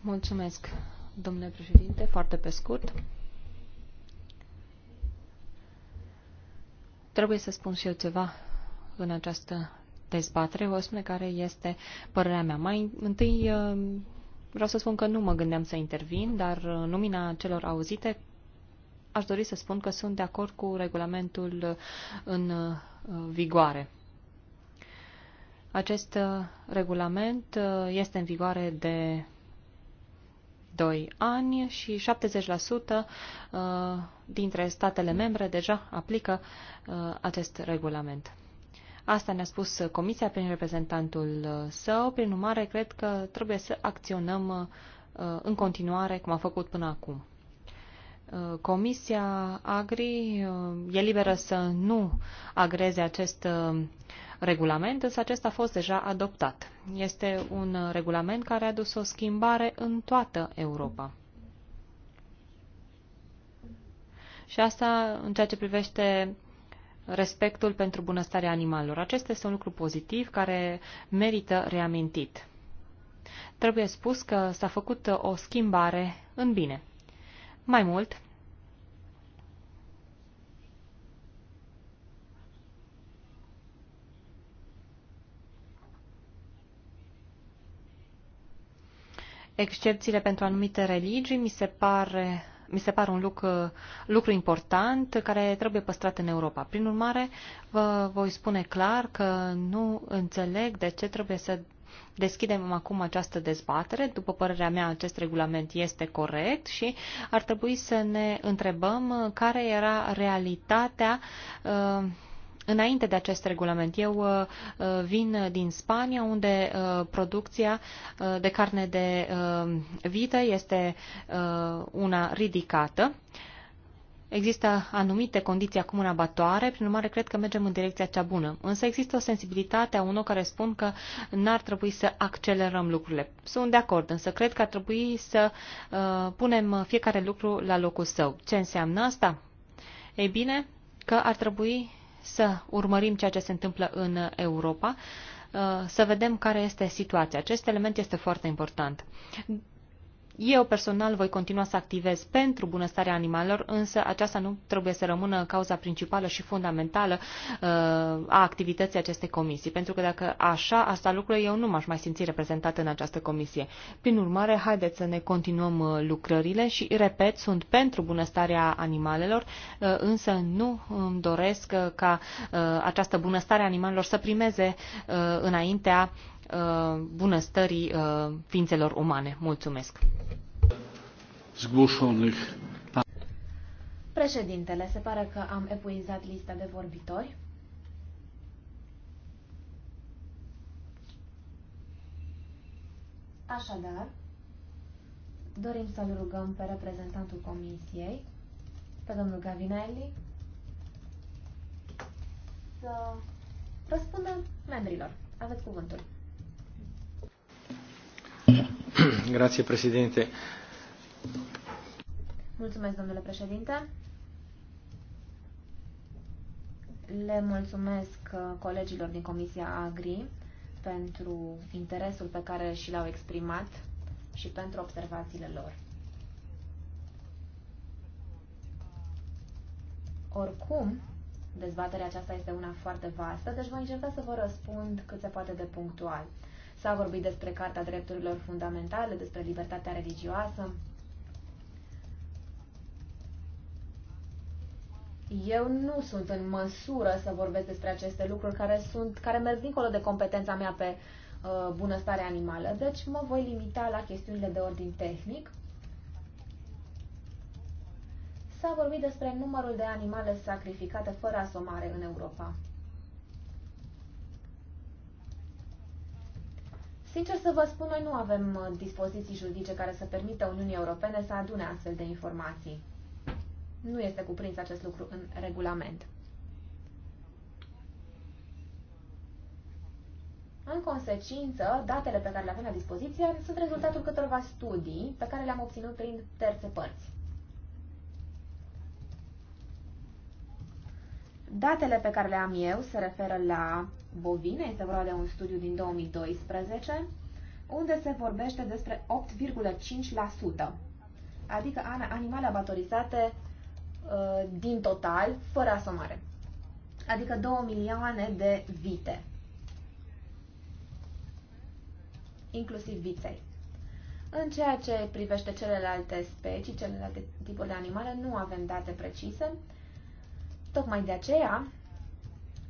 Mulțumesc, domnule președinte, foarte pe scurt. Trebuie să spun și eu ceva în această dezbatere, o spune care este părerea mea. Mai întâi uh, vreau să spun că nu mă gândeam să intervin, dar uh, în lumina celor auzite aș dori să spun că sunt de acord cu regulamentul uh, în vigoare. Acest regulament este în vigoare de 2 ani și 70% uh, dintre statele membre deja aplică uh, acest regulament. Asta ne-a spus Comisia prin reprezentantul uh, său, prin urmare cred că trebuie să acționăm în continuare cum a făcut până acum. Uh, Comisia Agri uh, e liberă să nu agreze acest uh, regulament, însă acesta a fost deja adoptat. Este un regulament care a dus o schimbare în toată Europa. Și asta în ceea ce privește respectul pentru bunăstarea animalelor. Acesta este un lucru pozitiv care merită reamintit. Trebuie spus că s-a făcut o schimbare în bine. Mai mult, excepțiile pentru anumite religii mi se, pare, mi se par un lucru, lucru important care trebuie păstrat în Europa. Prin urmare, vă voi spune clar că nu înțeleg de ce trebuie să Deschidem acum această dezbatere. După părerea mea, acest regulament este corect și ar trebui să ne întrebăm care era realitatea uh, înainte de acest regulament. Eu uh, uh, vin din Spania, unde producția de carne de vită este una ridicată. Există anumite condiții acum în abatoare, prin urmare cred că mergem în direcția cea bună. Însă există o sensibilitate a unor care spun că n-ar trebui să accelerăm lucrurile. Sunt de acord, însă cred că ar trebui să uh, punem fiecare lucru la locul său. Ce înseamnă asta? Ei bine, că ar trebui să urmărim ceea ce se întâmplă în Europa, uh, să vedem care este situația. Acest element este foarte important. Eu personal voi continua să activez pentru bunăstarea animalelor, însă aceasta nu trebuie să rămână cauza principală și fundamentală uh, a activității acestei comisii, pentru că dacă așa asta sta lucrurile, eu nu m-aș mai simți reprezentat în această comisie. Prin urmare, haideți să ne continuăm uh, lucrările și, repet, sunt pentru bunăstarea animalelor, uh, însă nu îmi doresc ca această bunăstare a animalelor să primeze înaintea bunăstării ființelor umane. Mulțumesc! zgłoszonych. Președintele, se pare că am epuizat lista de vorbitori. Așadar, dorim să-l rugăm pe reprezentantul Comisiei, pe domnul Gavinelli, să răspundă membrilor. Aveți cuvântul. Grazie, președinte. Mulțumesc, domnule președinte. Le mulțumesc uh, colegilor din Comisia Agri pentru interesul pe care și l-au exprimat și pentru observațiile lor. Oricum, dezbaterea aceasta este una foarte vastă, deci voi încerca să vă răspund cât se poate de punctual. S-a vorbit despre Carta Drepturilor Fundamentale, despre libertatea religioasă, Eu nu sunt în măsură să vorbesc despre aceste lucruri care, sunt, care merg dincolo de competența mea pe uh, bunăstare animală, deci mă voi limita la chestiunile de ordin tehnic. S-a vorbit despre numărul de animale sacrificate fără asomare în Europa. Sincer să vă spun, noi nu avem uh, dispoziții juridice care să permită Uniunii Europene să adune astfel de informații. Nu este cuprins acest lucru în regulament. În consecință, datele pe care le avem la dispoziție sunt rezultatul câtorva studii pe care le-am obținut prin terțe părți. Datele pe care le am eu se referă la bovine, este vorba de un studiu din 2012, unde se vorbește despre 8,5%, adică animale abatorizate Uh, din total, fără asomare. Adică 2 milioane de vite. Inclusiv viței. În ceea ce privește celelalte specii, celelalte tipuri de animale, nu avem date precise. Tocmai de aceea,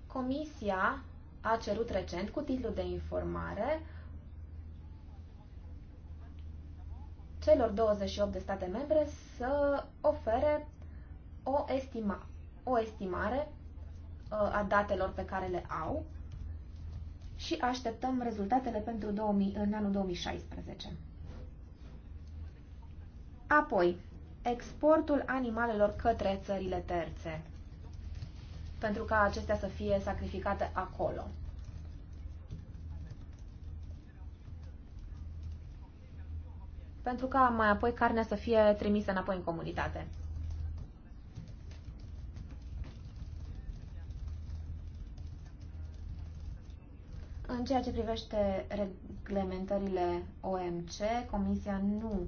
Comisia a cerut recent, cu titlul de informare, celor 28 de state membre să ofere o, estima, o estimare uh, a datelor pe care le au și așteptăm rezultatele pentru 2000, în anul 2016. Apoi, exportul animalelor către țările terțe, pentru ca acestea să fie sacrificate acolo. Pentru ca mai apoi carnea să fie trimisă înapoi în comunitate. În ceea ce privește reglementările OMC, Comisia nu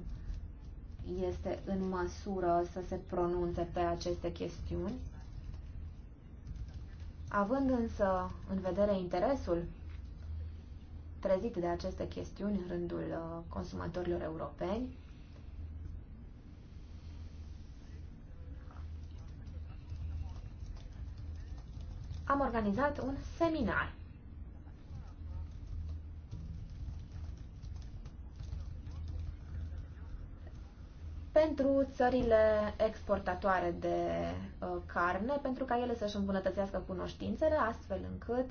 este în măsură să se pronunțe pe aceste chestiuni. Având însă în vedere interesul trezit de aceste chestiuni în rândul uh, consumatorilor europeni, am organizat un seminar pentru țările exportatoare de uh, carne, pentru ca ele să-și îmbunătățească cunoștințele, astfel încât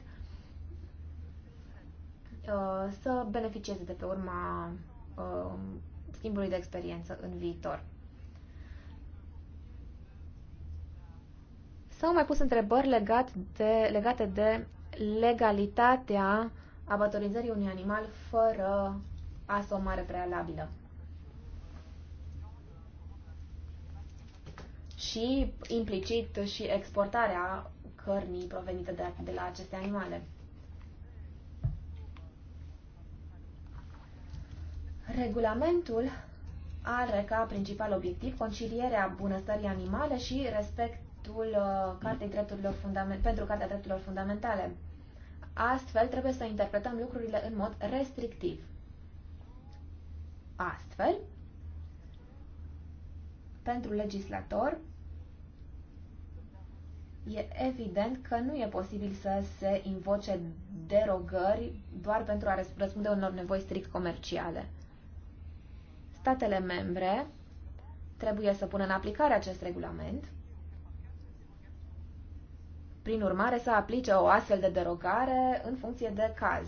uh, să beneficieze de pe urma uh, schimbului de experiență în viitor. S-au mai pus întrebări legat de, legate de legalitatea abatorizării unui animal fără asomare prealabilă. și implicit și exportarea cărnii provenite de, de la aceste animale. Regulamentul are ca principal obiectiv concilierea bunăstării animale și respectul uh, Cartei Drepturilor pentru Cartea Drepturilor Fundamentale. Astfel, trebuie să interpretăm lucrurile în mod restrictiv. Astfel, pentru legislator, E evident că nu e posibil să se invoce derogări doar pentru a răspunde unor nevoi strict comerciale. Statele membre trebuie să pună în aplicare acest regulament. Prin urmare, să aplice o astfel de derogare în funcție de caz.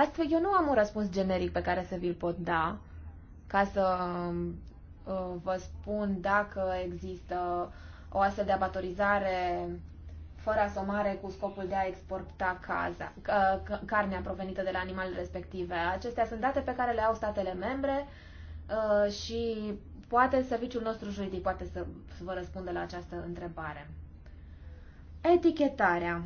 Astfel, eu nu am un răspuns generic pe care să vi-l pot da, ca să um, uh, vă spun dacă există o astfel de abatorizare fără asomare cu scopul de a exporta caza, carnea provenită de la animalele respective. Acestea sunt date pe care le au statele membre uh, și poate serviciul nostru juridic poate să vă răspundă la această întrebare. Etichetarea.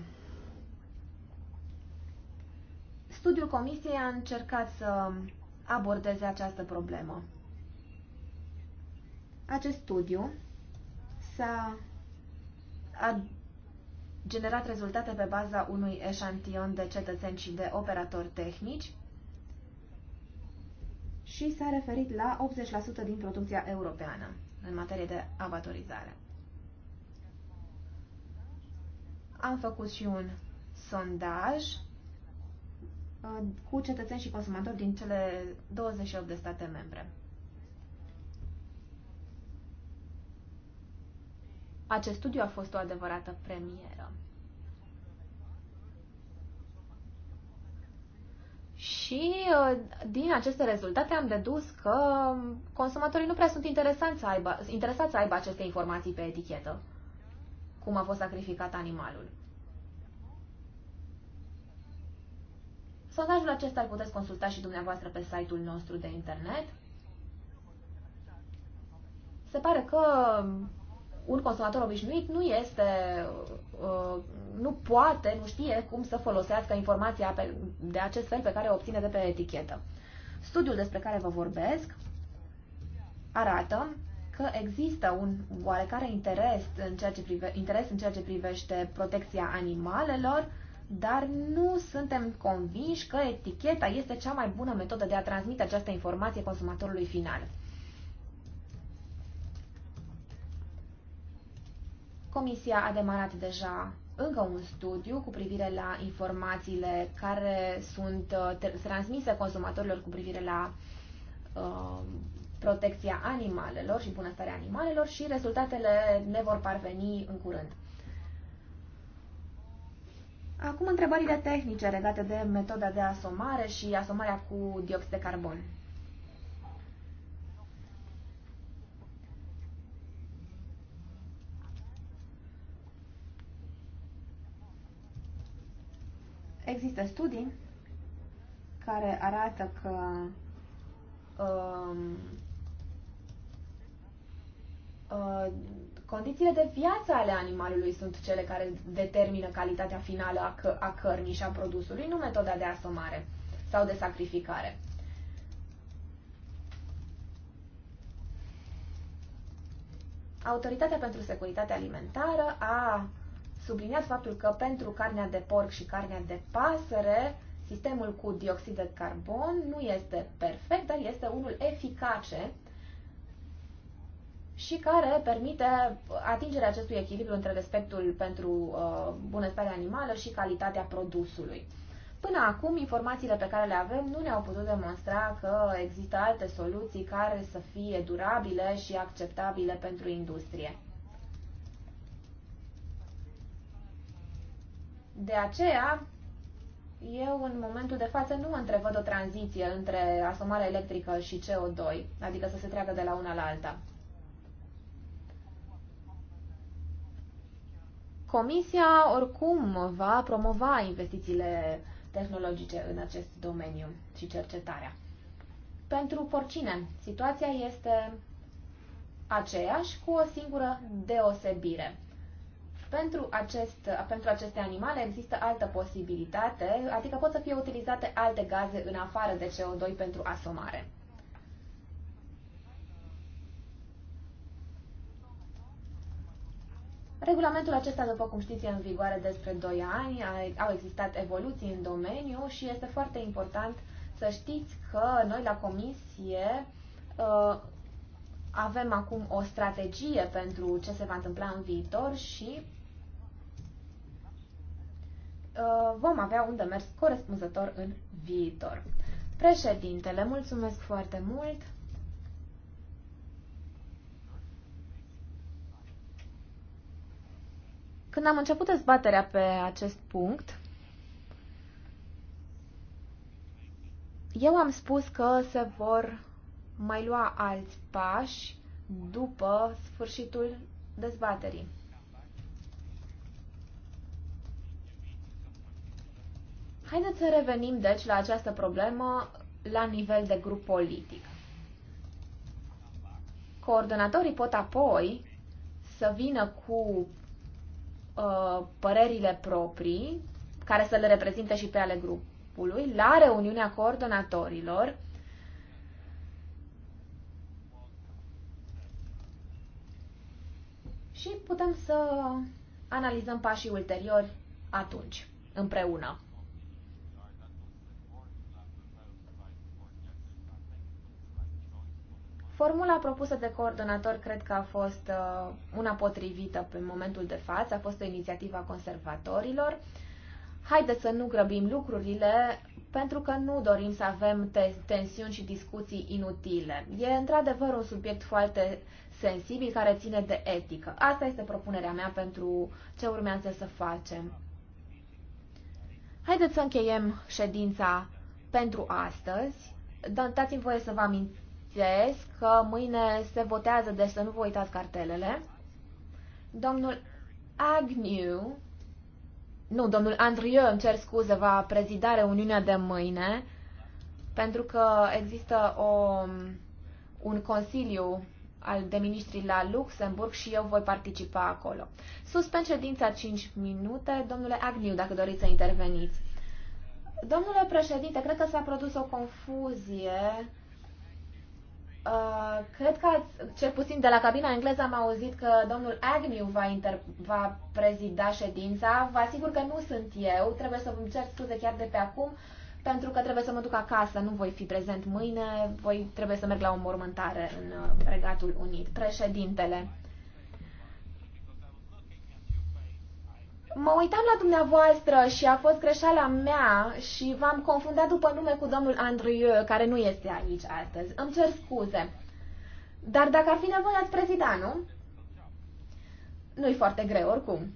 Studiul comisiei a încercat să abordeze această problemă. Acest studiu s-a generat rezultate pe baza unui eșantion de cetățeni și de operatori tehnici și s-a referit la 80% din producția europeană în materie de abatorizare. Am făcut și un sondaj cu cetățeni și consumatori din cele 28 de state membre. Acest studiu a fost o adevărată premieră. Și uh, din aceste rezultate am dedus că consumatorii nu prea sunt interesați să aibă, interesați să aibă aceste informații pe etichetă, cum a fost sacrificat animalul. Sondajul acesta îl puteți consulta și dumneavoastră pe site-ul nostru de internet. Se pare că un consumator obișnuit nu este, uh, nu poate, nu știe cum să folosească informația de acest fel pe care o obține de pe etichetă. Studiul despre care vă vorbesc arată că există un oarecare interes în ceea ce, prive, interes în ceea ce privește protecția animalelor, dar nu suntem convinși că eticheta este cea mai bună metodă de a transmite această informație consumatorului final. Comisia a demarat deja încă un studiu cu privire la informațiile care sunt uh, transmise consumatorilor cu privire la uh, protecția animalelor și bunăstarea animalelor și rezultatele ne vor parveni în curând. Acum întrebările tehnice legate de metoda de asomare și asomarea cu dioxid de carbon. Există studii care arată că um, uh, Condițiile de viață ale animalului sunt cele care determină calitatea finală a, că- a cărnii și a produsului, nu metoda de asomare sau de sacrificare. Autoritatea pentru Securitate Alimentară a subliniat faptul că pentru carnea de porc și carnea de pasăre, sistemul cu dioxid de carbon nu este perfect, dar este unul eficace și care permite atingerea acestui echilibru între respectul pentru uh, bunăstarea animală și calitatea produsului. Până acum, informațiile pe care le avem nu ne-au putut demonstra că există alte soluții care să fie durabile și acceptabile pentru industrie. De aceea, eu în momentul de față nu întrevăd o tranziție între asomare electrică și CO2, adică să se treacă de la una la alta. Comisia oricum va promova investițiile tehnologice în acest domeniu și cercetarea. Pentru porcine, situația este aceeași cu o singură deosebire. Pentru, acest, pentru aceste animale există altă posibilitate, adică pot să fie utilizate alte gaze în afară de CO2 pentru asomare. Regulamentul acesta, după cum știți, e în vigoare despre 2 ani, au existat evoluții în domeniu și este foarte important să știți că noi la comisie ă, avem acum o strategie pentru ce se va întâmpla în viitor și ă, vom avea un demers corespunzător în viitor. Președintele, mulțumesc foarte mult! Când am început dezbaterea pe acest punct, eu am spus că se vor mai lua alți pași după sfârșitul dezbaterii. Haideți să revenim, deci, la această problemă la nivel de grup politic. Coordonatorii pot apoi să vină cu Uh, părerile proprii, care să le reprezinte și pe ale grupului, la reuniunea coordonatorilor, și putem să analizăm pașii ulteriori atunci, împreună. Formula propusă de coordonator cred că a fost uh, una potrivită pe momentul de față, a fost o inițiativă a conservatorilor. Haideți să nu grăbim lucrurile, pentru că nu dorim să avem tensiuni și discuții inutile. E într-adevăr un subiect foarte sensibil care ține de etică. Asta este propunerea mea pentru ce urmează să facem. Haideți să încheiem ședința pentru astăzi. Dați-mi voie să vă amintesc anunțez că mâine se votează, deci să nu vă uitați cartelele. Domnul Agnew, nu, domnul Andrieu, îmi cer scuze, va prezida reuniunea de mâine, pentru că există o, un consiliu al de ministri la Luxemburg și eu voi participa acolo. Suspend ședința 5 minute. Domnule Agnew, dacă doriți să interveniți. Domnule președinte, cred că s-a produs o confuzie Uh, cred că ați, cel puțin de la cabina engleză am auzit că domnul Agnew va, inter, va prezida ședința. Vă asigur că nu sunt eu, trebuie să vă cer scuze chiar de pe acum, pentru că trebuie să mă duc acasă, nu voi fi prezent mâine, voi trebuie să merg la o mormântare în uh, Regatul Unit. Președintele. Mă uitam la dumneavoastră și a fost greșeala mea și v-am confundat după nume cu domnul Andrieu, care nu este aici astăzi. Îmi cer scuze. Dar dacă ar fi nevoie, ați prezida, nu? Nu-i foarte greu, oricum.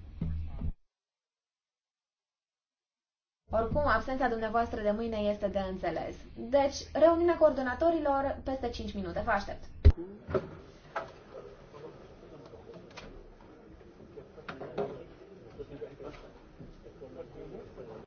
Oricum, absența dumneavoastră de mâine este de înțeles. Deci, reuniunea coordonatorilor peste 5 minute. Vă aștept!